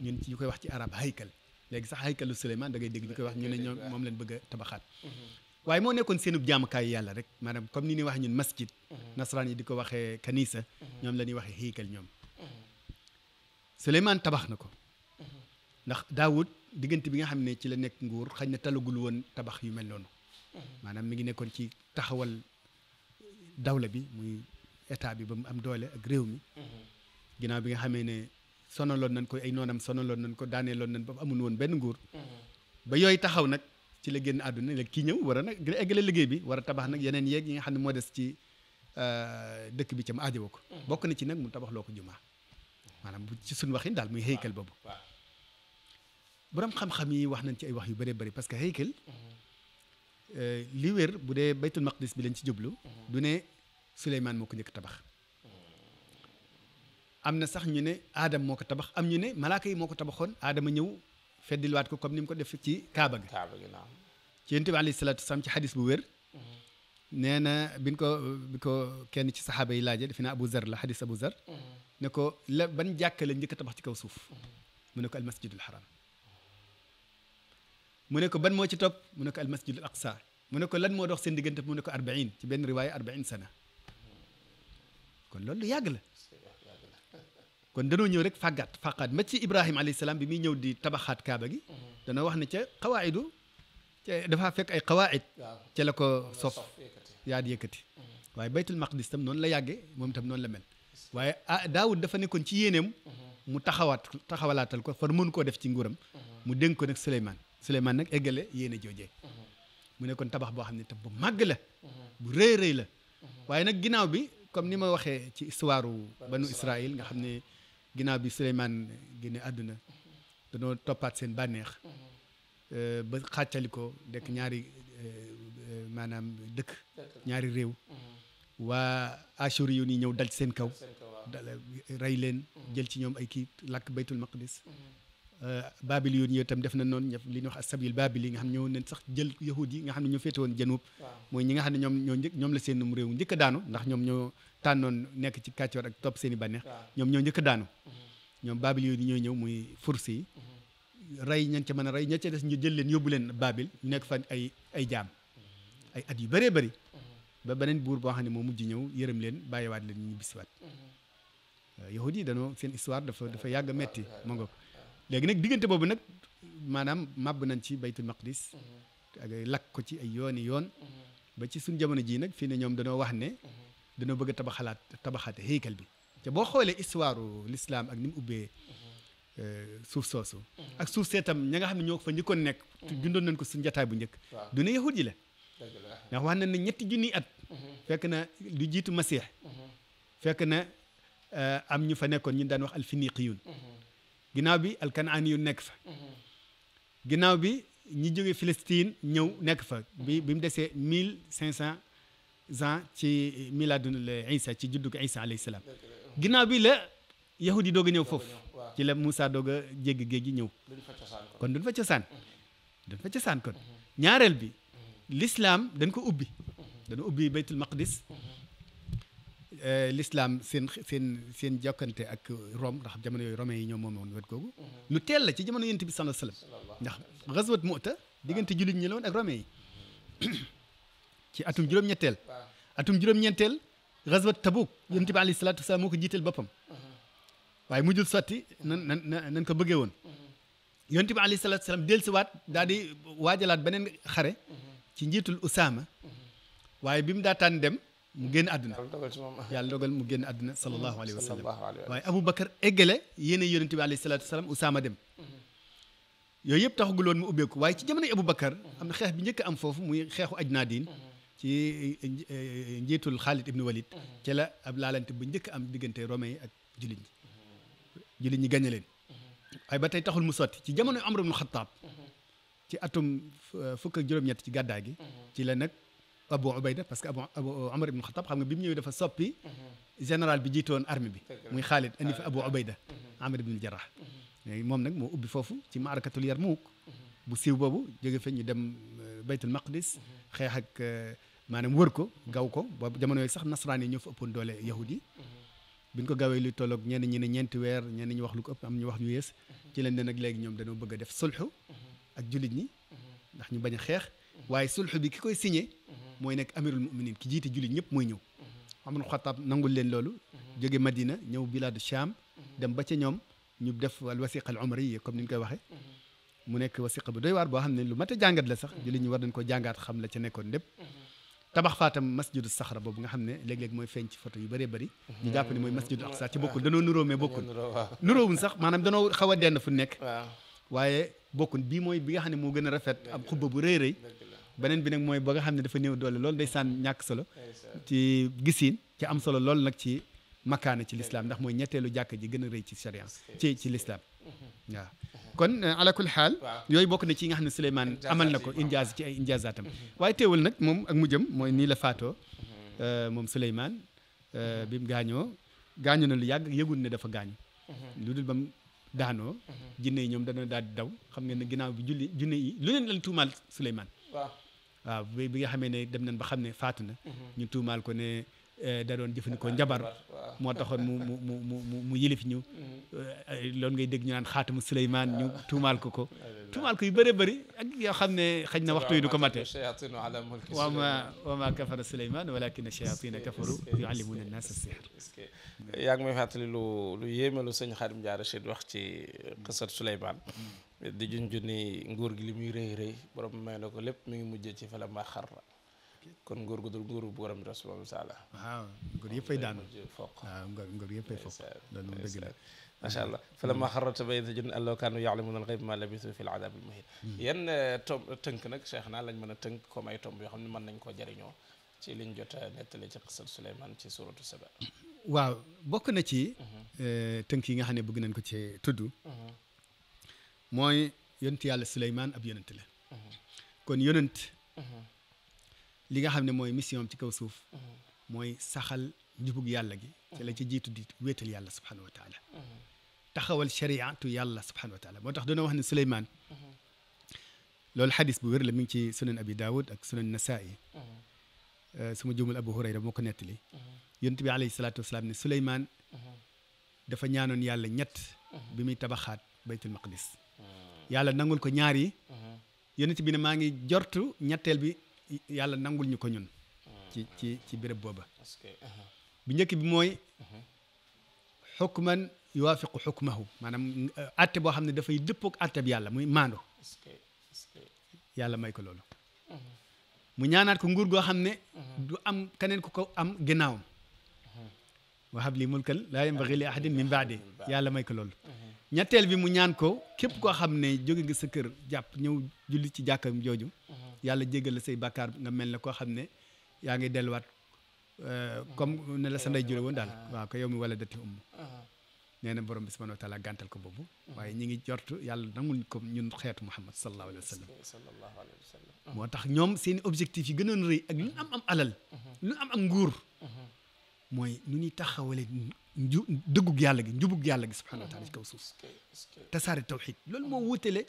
ñun ñu koy wax ci arab haykal léegi sax haykalu Suleymaan da ngay dégg ñu koy wax ñu ne ñoom moom lañ bëgg a tabaxaat waaye moo nekkoon seenub jaamukaay yàlla rek maanaam comme ni ñuy wax ñun masjid nasaraan yi di ko waxee kanisa ñoom la ñuy waxee xiikal ñoom Suleymaan tabax na ko ndax Daawud diggante bi nga xam ne ci la nekk nguur xañ na talagul woon tabax yu mel noonu maanaam mi ngi nekkoon ci taxawal dawla bi muy état bi ba mu am doole ak réew mi ginnaaw bi nga xamee ne sonaloon nan ko ay noonam sonaloon nañ ko daanee daaneeloon nañ ba amul woon benn nguur ba yooy taxaw nag ci la génn àdduna la kii ñëw war a nag eggale liggéey bi wara tabax nag yeneen yeeg yi nga xam ne moo des ci euh, dëkk bi ca mu aajowo ko mm-hmm. bokk na ci nag mu tabax loo ko jumaa maanaam ci suñu waxin daal muy heykel boobu borom xam-xam yi wax nañ ci ay wax yu bëree bëri parce que Euh, li wér bu dee baytul maqdis bi lañ ci jublu du ne Suleymaan moo ko njëkk tabax am na sax ñu ne aadam moo ko tabax am ñu ne malaaka yi moo ko tabaxoon aadama ñëw feddilwaat ko comme ni mu ko def ci kaaba gi ci yonent bi alayhi bu wér nee na bi ko bi ko kenn ci saxaaba yi laaje defe naa Abu Zar la xadis Abu Zar mhm. ne ko la ban jàkka la njëkk tabax ci kaw suuf mu ne ko al masjidul mu ne ko ban moo ci topp mu ne ko almasjid al aqsa mu ne ko lan moo dox seen diggante mu ne ko arbain ci benn riwaaya arbain sana kon loolu yàgg la kon danoo ñëw rek fàggaat fàqaat ma ci ibrahima alayhi salaam bi muy ñëw di tabaxaat kaaba gi dana wax ne ca xawaayidu ca dafa fekk ay xawaayid ca la ko sof yaa di yëkkati mm-hmm. waaye baytul maqdis tam noonu la yàggee moom tam noonu la mel waaye ah daawud dafa nekkoon ci yéeneem mm-hmm. mu taxawaat taxawalaatal ko far mën koo def ci nguuram mm-hmm. mu dénk ko nag Souleymane nag eggale yéen a joojee mhm. mu ne kon tabax boo xam ne te bu mag la mhm. bu rëy rëy la mhm. waaye nag ginnaaw bi comme ni ma waxee ci histoire banu Israël nga xam ne ginnaaw bi Souleymane génne àdduna danoo toppaat seen bànneex euh, ba xàccali ko dekk ñaari euh, maanaam dëkk ñaari réew waa Ashuri yu ni ñëw dal ci seen kaw rey leen jël ci ñoom ay kii lakk baytul maqdis Euh, baabil yoon yooyu itam def na noon ñëpp li ñuy wax asabil baabil yi nga xam ñoo nen sax jël yahud yi nga xam ne ñoo féete woon janub mooy ñi nga xam ne ñoom ñoo njëkk ñoom la seenum réew njëkk a daanu ndax ñoom ñoo tànnoon nekk ci kàccoor ak topp seen bànneex ñoom ñoo njëkk a daanu mm-hmm. ñoom baabil yooyu ñoo ñëw muy fursi yi mm-hmm. rey ñan ca mën a rey ña ca des ñu jël leen yóbbu leen baabil ñu nekk fan ay ay jaam mm-hmm. ay at yu bëree bëri ba beneen buur boo xam ne moo mujj ñëw yërëm leen bàyyiwaat leen ñu bisiwaat euh, yahud yi danoo seen histoire dafa dafa yàgg metti ma léegi nag diggante boobu nag maanaam màbb nañ ci baytul maqdis ak lakk ko ci ay yooni yoon ba ci suñ jamono jii nag fii ne ñoom dañoo wax ne dañoo bëgg a tabaxalaat tabaxaate heykal bi te boo xoolee histoire l'islam ak ni mu ubbee euh, suuf soosu ak suuf seetam ña nga xam ne ñoo fa njëkkoon nekk jundoon nañ ko suñ jataay bu njëkk du ne yahud yi la ndax wax na ne ñetti junniy at fekk na lu jiitu masiix mhmm. fekk na euh, am ñu fa nekkoon ñun daan wax alfiniyun ginnaaw bi alkanaani yu nekk fa ginnaaw bi ñi jóge Palestine ñëw nekk fa bi bi mu desee mille cinq cent ans ci milaadul Isa ci juddug Isa alayhi salaam ginnaaw bi la yahud yi ñëw foofu ci la Moussa doog a jéggi géej gi ñëw kon duñ fa cosaan mhm. duñ fa cosaan kon ñaareel bi mhm. l'islam dañ ko ubbi mhm. dañu ubbi baytul maqdis Euh, l'islam seen seen seen jokkante ak Rome ndax jamono yooyu romain yi ñoo moom woon wet googu lu mhm. teel la ci jamono yonent bi sallallahu alayhi wasallam ndax ghazwat Mu'ta diggante jullit ñi la woon ak romain yi mhm. ci atum juróom-ñetteel atum juróom-ñeenteel ghazwat Tabuk yonent bi alayhi salaatu moo ko jiiteel boppam mhm. waaye mujjul sotti nan nan nan ko bëggee woon yonent bi alayhi salaatu wasallam dellusiwaat daal di waajalaat beneen xare ci njiitul Usaama waaye bi mu daataan dem mu génn àdduna yàlla dogal mu génn àdduna sallallahu alayhi wa sallam waaye Aboubacar eggale yéen a yonente bi alayhi salatu wasalaam Usaama dem yooyu yëpp taxagul woon mu ubbeeku waaye ci jamonoy Aboubacar am na xeex bi njëkk am foofu muy xeexu ajnaadin ci eh, eh, njiitul Xaalid ibnu Walid ci la ab laalante bu njëkk am diggante romain yi ak jullit ñi jullit ñi gañe leen waaye ba tey taxul mu sotti ci jamonoy Amru ibnu Xattaab ci atum eh, fukk ak juróom-ñett ci gàddaa gi ci la nag Abu Ubayda parce que Abu Abu Amar ibn Khattab xam nga bi mu ñëwee dafa soppi mhm. général bi jiitoon armée bi muy Xaalid indi fi Abu Ubayda mhm. Amar ibn Jarrah mhm. moom nag moo ubbi foofu ci marakatul Yarmouk bu siiw boobu jóge fa ñu dem euh, baytul maqdis xeex ak euh, maanaam wër ko gaw ko boobu jamono yooyu sax nasaraan yi ñoo fa ëppoon doole yahud yi biñ ko gawee lu tolloog ñenn ñeenti weer ñenn ñu wax lu ëpp am ñu wax ñu yees ci lañ ne nag léegi ñoom dañoo bëgg a def sulxu ak jullit ñi a mooy nekk amirul muminin ki jiite jullit ñëpp mooy ñëw Umar Xattaab nangul leen loolu jóge Madina ñëw bilaadu Shaam dem ba ca ñoom ñu def al wasiqa al umri yi comme ni ñu koy waxee mu nekk a jàngat la sax jullit ñi war nañ ko jàngaat xam la nga xam ne léeg-léeg mooy feeñ ci photo yu bëree bëri ñu jàpp ne mooy masjidu aqsa ci bokkul danoo nuróo mais bokkul nuróowuñ sax maanaam danoo xaw a denn fu nekk waaye bokkul bii mooy bi nga xam ne moo gën a rafet ab xubba bu rëy rëy beneen bi nag mooy boo nga xam ne dafa néew doole loolu day sànn ñàkk solo ci gisiin ci am solo loolu nag ci makkaana ci lislaam ndax mooy ñetteelu jàkk ji gën a rëy ci sharia ci ci lislaam waaw kon euh, ala kulli xaal yooyu bokk na ci nga xam ne Souleymane amal na ko injaaz ci ay injaazaatam waaye teewul nag moom ak mu jëm mooy nii la faatoo mhm. euh, moom Souleymane euh, bi mu gaañoo gaañu na lu yàgg yëgul ne dafa gaañu mhm. lu dul ba mu daanoo mhm. jinne yi ñoom dañoo daal daw xam ngeen ne ginnaaw bi julli junne waaw bi bi nga xamee ne dem nañ ba xam ne faatu na mhm. ñu tuumaal ko ne eh, da doon jëfandikoo ah, njabar moo taxoon mu mu mu mu mu yilif ñu mhm. eh, loolu ngay dégg ñu naan xaatamu Suleymaan ñu ah. tuumaal ko ko tuumaal ko yu bëri bëri ak yoo xam ne xëy na waxtu yi du ko mate wa ma wa ma kafara Suleymaan walakin shayatina kafaru yuallimuna an-nas as-sihr yaa ngi may fàttali lu lu yéeme lu sëñ Xaadim Jaara Rachid wax ci xisat mm. Suleymaan mm. di junj ni nguur gi li muy rëy ma xar la kon nguur gu dul nguur bu borom bi subhanahu wa taala waaw nguur yëppay daan foq waaw nguur nguur yëppay foq loolu moom dëgg la macha allah fala ma xar la tabayyana junun allaw kaanu ya'lamuuna al-ghayba ma labisu fi al-'adaabi al tënk nag Cheikh naa lañ mën a tënk comme ay tomb yoo xam ne mën nañ koo jëriñoo ci liñ jot a nettali ci qisat Suleymaan ci suratu Saba waaw bokk na ci hmm. eh, tënk yi nga xam ne bëgg nañ ko ci tudd hmm. mooy yonent yàlla Suleymaan ab yonent la mm-hmm. kon mm-hmm. li nga xam ne mooy mission ci kaw suuf mm-hmm. mooy saxal njubug yàlla gi ci la ci jiitu di wéetal yàlla subhanahu wa taala taxawal shariatu yàlla subhanahu wa taala moo tax doona wax ne Suleymaan loolu xadis bu wér la mi ngi sunan abi daawud ak sunan nasaa'i eh, su ma juumul abu hurayra moo ko nettali yonent bi alayhi salaatu wasalaam ne Suleymaan dafa ñaanoon yàlla ñett bi muy tabaxaat baytul maqdis yàlla nangul ko ñaar yi mhm. yonent bi ne maa ngi jortu ñetteel bi yàlla nangul ñu ko ñun mhm. ci ci ci béréb booba uh-huh. bu njëkk bi mooy uh-huh. xukman yuwaafiqu xukmahu maanaam uh, atte boo xam ne dafay dëppook atte bi yàlla muy maandu yàlla may ko loolu uh-huh. mu ñaanaat ko nguur goo xam ne du am keneen ku ko am ginnaawam wa habli mulkan laa yanbaghi li ahadin min ba'di yàlla may ko loolu mhm. ñetteel bi mu ñaan ko képp koo xam ne jóge nga sa kër jàpp ñëw julli ci jàkkam jooju mhm. yàlla jéggal la say bàkkaar nga mel ne koo xam ne yaa ngi delluwaat euh, comme mhm. ne la sa ndey jure woon daal waaw ko yow mi wala dati umm nee na borom bi subhanahu wa taala ko boobu waaye ñu ngi jort yàlla nangul ko ñun xeetu muhammad sallallahu alayhi wa sallam moo tax ñoom seen objectif yi gënoon rëy ak lu am am alal lu am am mooy nu ñuy taxawale nju yàlla gi njubug yàlla gi subhanahu wa taala kaw suus mm-hmm. tasaare tawxid loolu moo wutale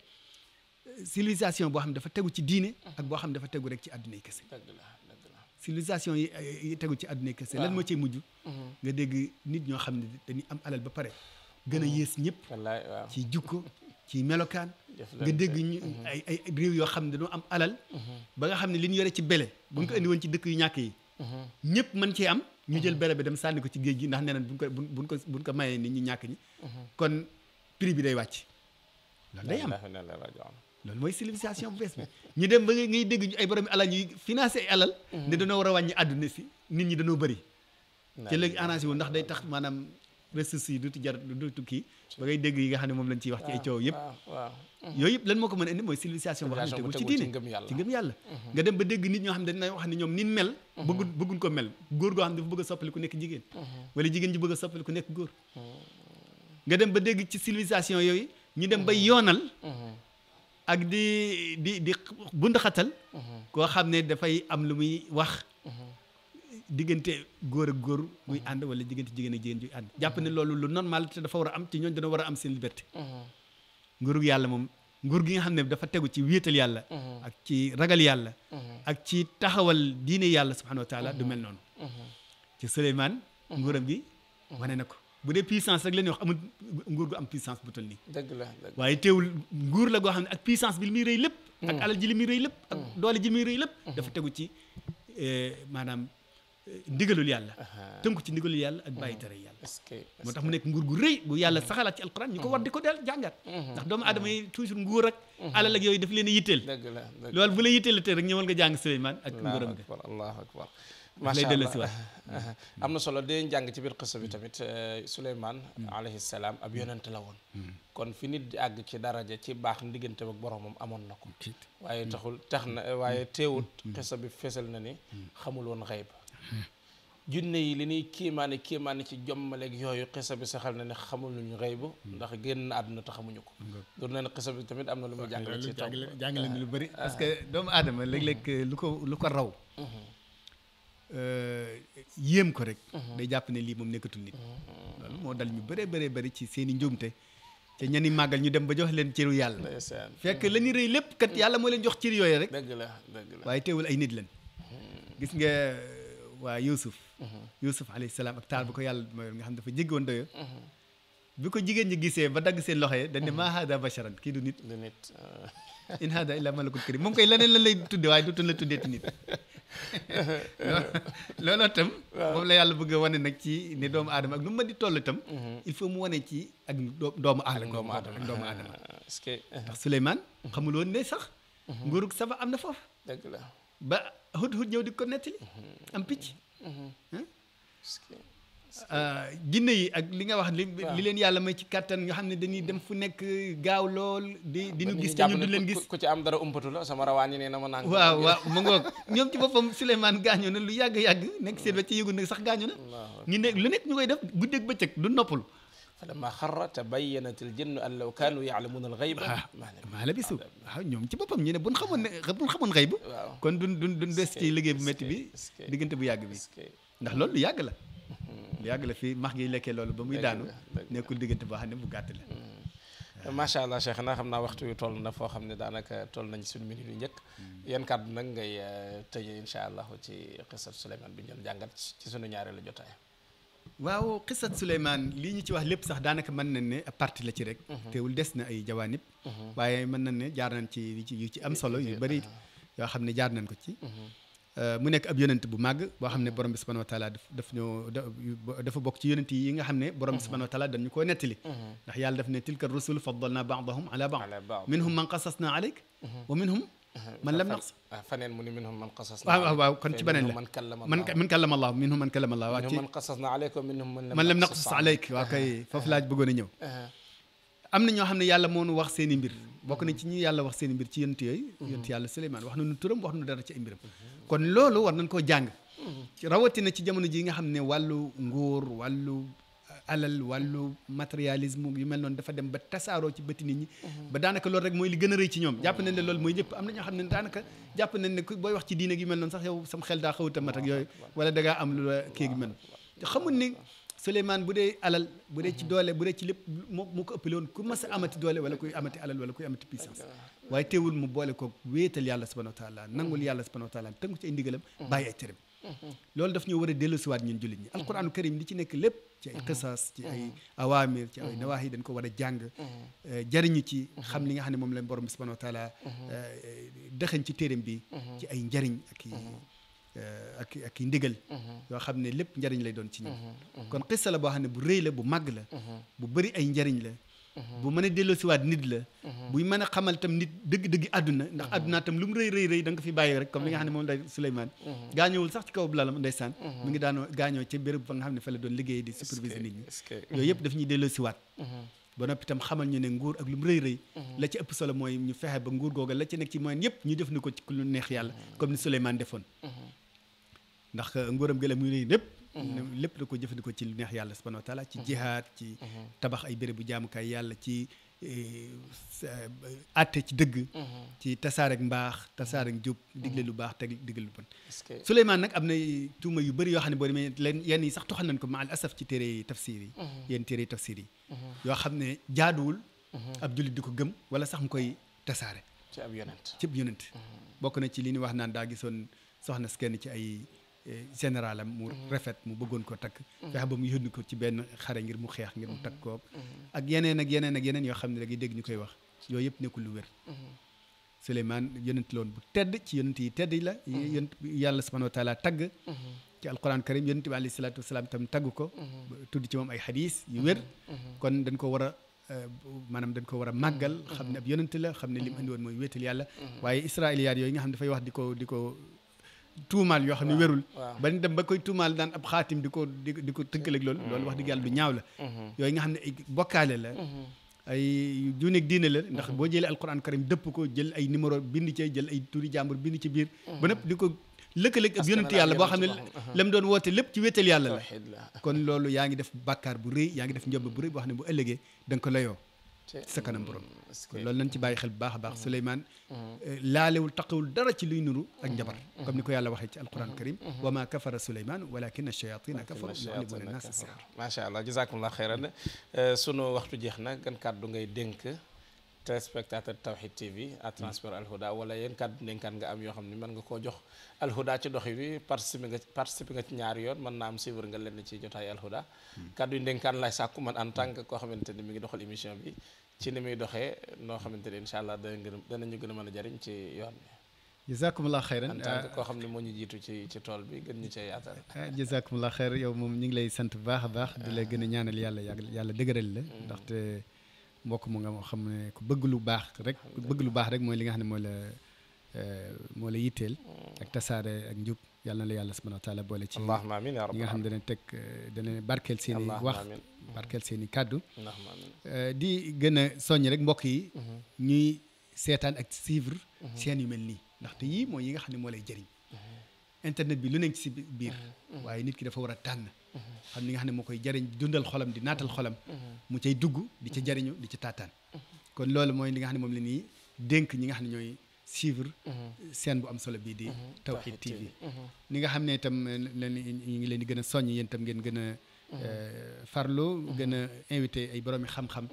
euh, civilisation boo xam ne dafa tegu ci diine mm-hmm. ak boo xam ne dafa tegu rek ci àdduna yi kese civilisation yi tegu ci àdduna yi kese lan moo ciy mujj mm-hmm. nga dégg nit ñoo xam ne dañuy am alal ba pare gën a yées ñëpp ci jukko ci melokaan nga dégg ñu ay ay réew yoo xam ne dañoo am alal ba nga xam ne li ñu yore ci bele bu ñu ko indi ci dëkk yu ñàkk yi ñëpp mën cee am ñu jël bere bi dem sànni ko ci géej gi ndax nee nañ ko buñ ko buñ ko mayee nit ñi ñàkk ñi mhm. kon prix bi day wàcc loolu day am loolu mooy civilisation bu bees bi ñu dem ba ngay dégg ñu ay borom alal ñuy financé ay alal mhm. ne dañoo war a wàññi àdduna si nit ñi dañoo bëri te léegi arrangé wu ndax day tax maanaam ressources yi dutu jar dutu kii ba ngay dégg yi nga xam ne moom lañ ciy wax ci ay coow yëpp mhm. yooyu yëpp lan moo ko mën a indi mooy civilisation boo xam ne ci diine ci ngëm yàlla mhm. nga dem ba dégg nit ñoo xam ne ñoom nin mel mhm. bëggu bëgguñ ko mel góor a a koo xam ne dafay am lu muy wax diggante góor ak góor muy ànd wala diggante jigéen ak jigéen juy ànd jàpp ne loolu lu normal te dafa war a am ci ñooñ dana war a am seen liberté mm-hmm. nguurug yàlla moom nguur gi nga xam ne dafa tegu ci wéetal yàlla mm-hmm. ak ci ragal yàlla mm-hmm. ak ci taxawal diine yàlla subhanahu wa taala du mel noonu ci Souleymane nguuram gi wane na ko bu dee puissance rek la ñuy wax amul nguur gu am puissance bu toll nii dëgg la waaye teewul nguur la goo xam ne ak puissance bi li muy rëy lépp ak mm. alal ji li muy rëy lépp ak mm. doole ji li muy rëy lépp dafa tegu ci eh, maanaam ndigalul yàlla tënku ci ndigalul yàlla ak bàyyi tere yàlla moo tax mu nekk nguur gu rëy gu yàlla saxalaat ci alquran ñu ko war di ko del jàngat ndax doomu aadama yi toujours nguur ak alal ak yooyu daf leen a yitteel loolu bu la yitteel te rek ñëwal nga jàng Suleymaan ak nguuram nga allahu akbar macha allah am na eh, la woon kon fi nit àgg ci daraja ci baax ndiggante ak boromam amoon na ko waaye mmh. taxul tax na waaye mmh. teewut mmh. xisa bi fesal na ni xamul xayb junne yi li ñuy kiimaane kiimaane ci jommaleeg yooyu xisa bi saxal na ne xamul ñu xëy bu hmm. ndax génn àdduna te xamuñu ko hmm. doon na ne xisa bi tamit am na lu mu jàngale ci taw jàngale na lu bëri ah. parce que doomu aadama léeg-léeg eh, ko lu ko raw hmm. eh, yéem ko rek day jàpp ne lii moom nekkatul nit loolu moo dal ñu bëree bëree bëri ci seen i njuumte te ñani màggal ñu dem ba jox leen cëru yàlla fekk la ñuy rëy lépp kat yàlla moo leen jox cër yooyu rek dëgg la dëgg la waaye teewul ay nit lañ gis nga waa Youssouf. Mhm. Youssouf alayhi salaam ak taal bu ko mhm. yàlla mayoon nga xam dafa jéggoon doyo mhm. bi ko jigéen ñi gisee ba dagg seen loxo yi dañ ne maa haada basharan kii du nit. du nit. Euh. in haada illa malakul karim moom koy leneen lan lay tudde waaye dootul la tuddee ti nit looloo itam moom la yàlla bëgg a wane nag ci ne doomu aadama ak nu ma di toll tam il faut mu wane ci ak doomu aadama ak doomu aadama parce que ndax Souleymane xamul ne sax nguurug Saba am na foofu ba hut hut ñëw di ko nettali mm-hmm. am picc jinne mm-hmm. euh, yi ak li nga wax li li leen yàlla may ci kàttan nga xam ne dañuy dem fu nekk gaaw lool di ah, di ñu gis te ñu du leen gis ku ci am dara umpatu la sama rawaan yi na ma naan waaw waaw mu ngoog ñoom ci boppam Souleymane gaañu na lu yàgg-yàgg nekk seen wet ci yëgu nag sax gaañu na ñu ne lu nekk ñu koy def guddeeg bëccëg du noppul falamma xarra tabayyanat al jinnu an law kaanu yaalamuuna al xayba maa labisu waaw ñoom ci boppam ñu ne buñ xamoon ne buñ xamoon xayb kon duñ duñ duñ des ci liggéey bu métti bi diggante bu yàgg bi ndax lool lu yàgg la lu yàgg la fii max ngiy lekkee loolu ba muy daanu nekkul diggante boo xam ne bu gàtt la hmm. macha allah cheikh naa xam naa waxtu yu toll na foo xam ne daanaka toll nañ suñu minute yu njëkk hmm. yan kàddu nag ngay euh, tëjee incha allah ci xisat Souleymane bi ñu jàngat ci suñu waaw xisat Souleymane lii ñu ci wax lépp sax daanaka mën nañ ne parti la ci rek. Mhm. teewul des na ay jawaanib. Mhm. waaye mën nañ ne jaar ci am solo yu bari mhm. yoo xam ne jaar ko ci. Euh, mu nekk ab yonent bu màgg boo xam ne borom bi subhanahu wa taala daf daf yi nga xam ne borom bi subhanahu wa taala dañu koo nettali ndax yàlla daf rusul faddalna baadahum ala baad minhum man qasasna alayk wa minhum man lam na faneen mu ni minhum man qasas na waaw waaw kon ci beneen la man man kallama allah minhum man kallama allah waaw ci man qasas na aleyk minhum man lam naqsus aleyk waaw kay foofu laaj bëggoon a ñëw am na ñoo xam ne yàlla moo nu wax seen i mbir bokk nañ ci ñi yàlla wax seen i mbir ci yonent yooyu mhm. yonent yàlla Suleymaan wax nañu turam wax nañu dara ci ay mbiram kon loolu war nañ koo jàng mhm. rawatina ci jamono ji nga xam ne wàllu nguur wàllu alal wàllu matérialisme yu mel noonu dafa dem ba tasaaroo ci bëti nit ñi mhm. ba daanaka loolu rek mooy li gën a rëy ci ñoom jàpp nañ ne loolu mooy ñëpp am na ñoo xam ne daanaka jàpp nañ ne booy wax ci diine a mat ak la kii gi mel noonu xamul ni bu dee alal bu dee ci mhm. bu dee ci lépp moo moo ku mas a amati doole wala kuy amati alal wala kuy amati puissance waaye teewul mu boole ko wéetal yàlla subhanahu wa taala nangul mhm. yàlla subhanahu wa taala tënku ci ay bàyyi ay loolu daf ñoo war a dellusiwaat ñun jullit ñi alquranu karim li ci nekk lépp ci ay qisaas ci ay awaamir ci ay nawaahi dañ ko war a jàng eh, jariñu ci xam li nga xam ne moom la borom bi subhanahu wa eh, ci téeram bi ci ay njariñ ak eh, ak ak i ndigal yoo xam ne lépp njariñ lay doon ci ñun mhm. Mhm. kon qissa la boo xam ne bu rëy la bu màgg la mhm. bu bëri ay njariñ la bu mën a delloosiwaat nit la mhm. buy mën xamal tam nit dëgg-dëgg àdduna ndax mhm. àdduna tam lu mu rëy rëy rëy ko fi bàyyi rek comme li nga xam ne mhm. moom la Souleymane gaañowul sax ci kaw bu lalam ndeysaan mu ngi daanoo gaañoo ca béréb ba nga xam ne fa ba nguur googa la ci nekk ci moyen yëpp ñu def ni ko ci ku lu neex yàlla comme ni Souleymane defoon ndax nguuram gële muy rëy lépp lépp da ko jëfandikoo ci lu neex yàlla subhanahu wa taala ci jihaad ci tabax ay bérébu jaamukaay yàlla ci eh, eh, àtte ci dëgg ci tasaarek mbaax tasaarek jub digle lu baax teg digle lu bon Souleymane nag am na tuuma yu bëri yoo xam ne boo demee leen yenn yi sax toxal nañ ko ma al asaf ci téere tafsir yi yenn téere tafsir yi yoo xam ne jaaduwul ab jullit di ko gëm wala sax mu koy tasaare ci ab yonent ci ab yonent bokk na ci li ñu wax naan daa gisoon soxna Eh, général am mu mhm. rafet mu bëggoon ko takk mhm. fexe ba mu yónni ko ci benn xare ngir mu xeex ngir mu takk ko mhm. ak yeneen ak yeneen ak yeneen yoo da ngay dégg ñu koy wax yooyu yëpp nekkul lu wér Suleymaan yonent la la yonent yàlla subhaanahu wa taala tagg ci alquran karim yonent bi alayhi salaatu wasalaam itam tagg ko tudd ci moom ay xadiis yu wér kon dañ ko war a eh, maanaam dañ ko war a màggal xam ne ab yonent la xam ne xam ne dafay wax di ko di ko tuumaal yoo xam ne wérul ba ñu dem ba koy tuumaal daan ab xaatim di ko di di ko tëkkaleeg loolu loolu wax dëgg yàlla du mm-hmm. ñaaw la mm-hmm. yooyu nga xam ne ay bokkaale la mm-hmm. ay ju nekk diine la ndax boo jëlee alquran karim dëpp ko jël ay numéro bind ci jël ay turi jàmbur bind ci biir ba nëpp di ko lëkk ak yonentu yàlla boo xam ne la mu doon woote lépp ci wéetal yàlla la kon loolu yaa ngi def bàkkaar bu rëy yaa ngi def njob bu rëy boo xam ne bu ëllëgee da sa kanam borom mm, loolu nañ ci bàyyi xel bu baax a baax mm. Suleymaan mm. eh, laalewul taqawul dara ci luy nuru ak njabar comme ni ko yàlla waxee ci alquran karim wa ma kafara Suleymaan walakin ash-shayatina kafaru yuallimuna an-nas as-sihr macha allah jazakumullah xeyran eh, sunu waxtu jeex na gan kàddu ngay dénk téléspectateur Tawhid TV à transport alhuda wala yéen kàddu ndénkaan nga am yoo xam ne mën nga koo jox alhuda ci dox bi participer nga participer nga ci ñaari yoon mën naa am suivre nga leen ci jotaay alhuda hmm. kàddu yi ndénkaan lay sàkku man en tant que koo xamante ni mi ngi doxal émission bi ci ni muy doxee noo xamante ne incha allah dana gën danañu gën a mën a jariñ ci yoon bi jazakumullah xayran en tant que euh, koo xam ne moo ñu jiitu ci ci tool bi gën ñu cee yaatal euh, jazakumullah xayran yow moom ñu ngi lay sant bu baax a baax di la gën a ñaanal yàlla yàlla dëgëral la mm. ndaxte mbokk mu nga moo xam ne ku bëgg lu baax rek bëgg lu baax rek mooy li nga xam ne moo la euh, moo la yitteel mm. ak tasaare ak njub yàlla na la yàlla subhanahu wa taala boole ci allahumma amin ya rabbi nga xam ne dana teg dana barkeel seen i wax barkeel seen i kàddu euh, di gën a soññ rek mbokk yi mhm. ñuy seetaan ak suivre mhm. seen yu mel nii ndaxte yii mooy yi nga xam ne moo lay jëriñ mhm. internet bi lu nekk ci biir waaye nit ki dafa war a tànn xam ni nga xam ne moo koy jëriñ dundal xolam di naatal xolam mu cay dugg di ca jëriñu di ci taataan kon loolu mooy li nga xam ne moom la nii dénk ñi nga xam ne ñooy suivre seen bu am solo bii di Tawhid TV ni nga xam ne itam euh, ñu ngi leen di a soññ yéen itam ngeen gën a Euh, farlu gën a invité ay boroomi xam-xam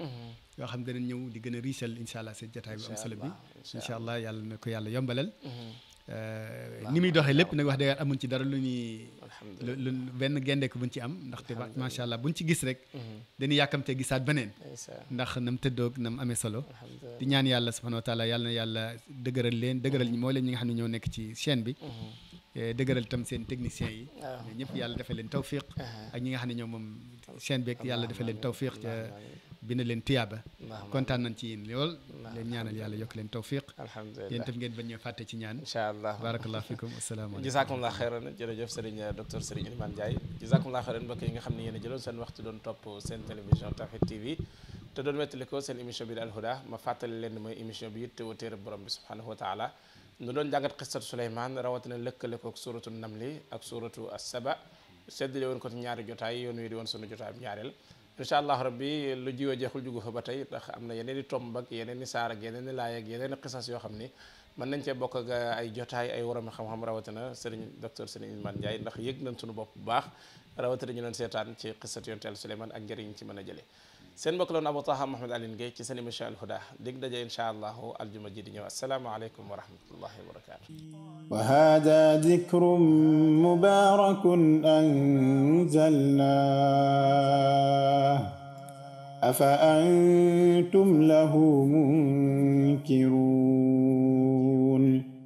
yoo xam gën a ñëw di gën a riisal incha allah seen jataay bu am solo bi incha yàlla na ko yàlla yombalal mm-hmm. euh, ni muy doxee lépp nag wax dëgg amuñ ci dara lu ñuy lu benn gendeeku buñ ci am ndaxte macha allah buñ ci gis rek mm-hmm. dañuy yàkkamtee gisaat beneen ndax nam tëddoog nam amee solo di ñaan yàlla subhanahu wa taala yàlla na yàlla dëgëral leen dëgëral mm-hmm. ñi moo leen ñi nga xam ne ñoo nekk ci chaîne bi Eh, dëgëral itam seen techniciens yi. waaw ñëpp yàlla defal leen tawfiq. Uh-huh. ak ñi nga xam ne ñoom moom seen beeg yàlla defal leen tawfiq. bina leen tiyaaba. kontaan nañ ci yéen lool. leen ñaanal yàlla yokk leen tawfiq. alhamdulilah yéen itam ngeen bañ ñoo fàtte ci ñaan. incha allah barakallahu fikum asalaamaaleykum. jisaakumullah xeyran jërëjëf Serigne eh, docteur Serigne Iliman Ndiaye. jisaakumullah xeyran mbokk yi nga xam ne yéen a jëloon seen waxtu doon topp seen télévision Tawhid TV. te doon wettalikoo seen émission bi di Al Huda ma fàttali leen mooy émission bi yittewoo téere borom bi subhanahu wa taala nu doon jàngat xisatu Suleymaan rawatina lëkkale ko ak suuratu namli ak suuratu Saba seddale woon ko ci ñaari jotaay yoonu wi di woon sunu jotaay ñaareel incha allahu rabbi lu jiwa jeexul jugu fa ba tey ndax am na yeneen i tomb ak yeneen i saar ak yeneen i laay yeneen i yoo xam ni mën nañ cee bokk ak uh, ay jotaay ay waromi xam-xam rawatina sëriñ docteur sëriñ Ilimane Ndiaye ndax yëg nañ sunu bopp bu baax rawatina ñu doon seetaan ci xisatu yonent Yàlla ak njëriñ ci mën a jëlee seen mbokk loon Abou Taha Mouhamed Alioune Guèye ci seen émission Al Huda dig daje incha allahu aljuma ji di ñëw asalaamualeykum wa rahmatullahi wa barakatu wa hada dikrun mubarakun anzalna أفأنتم له منكرون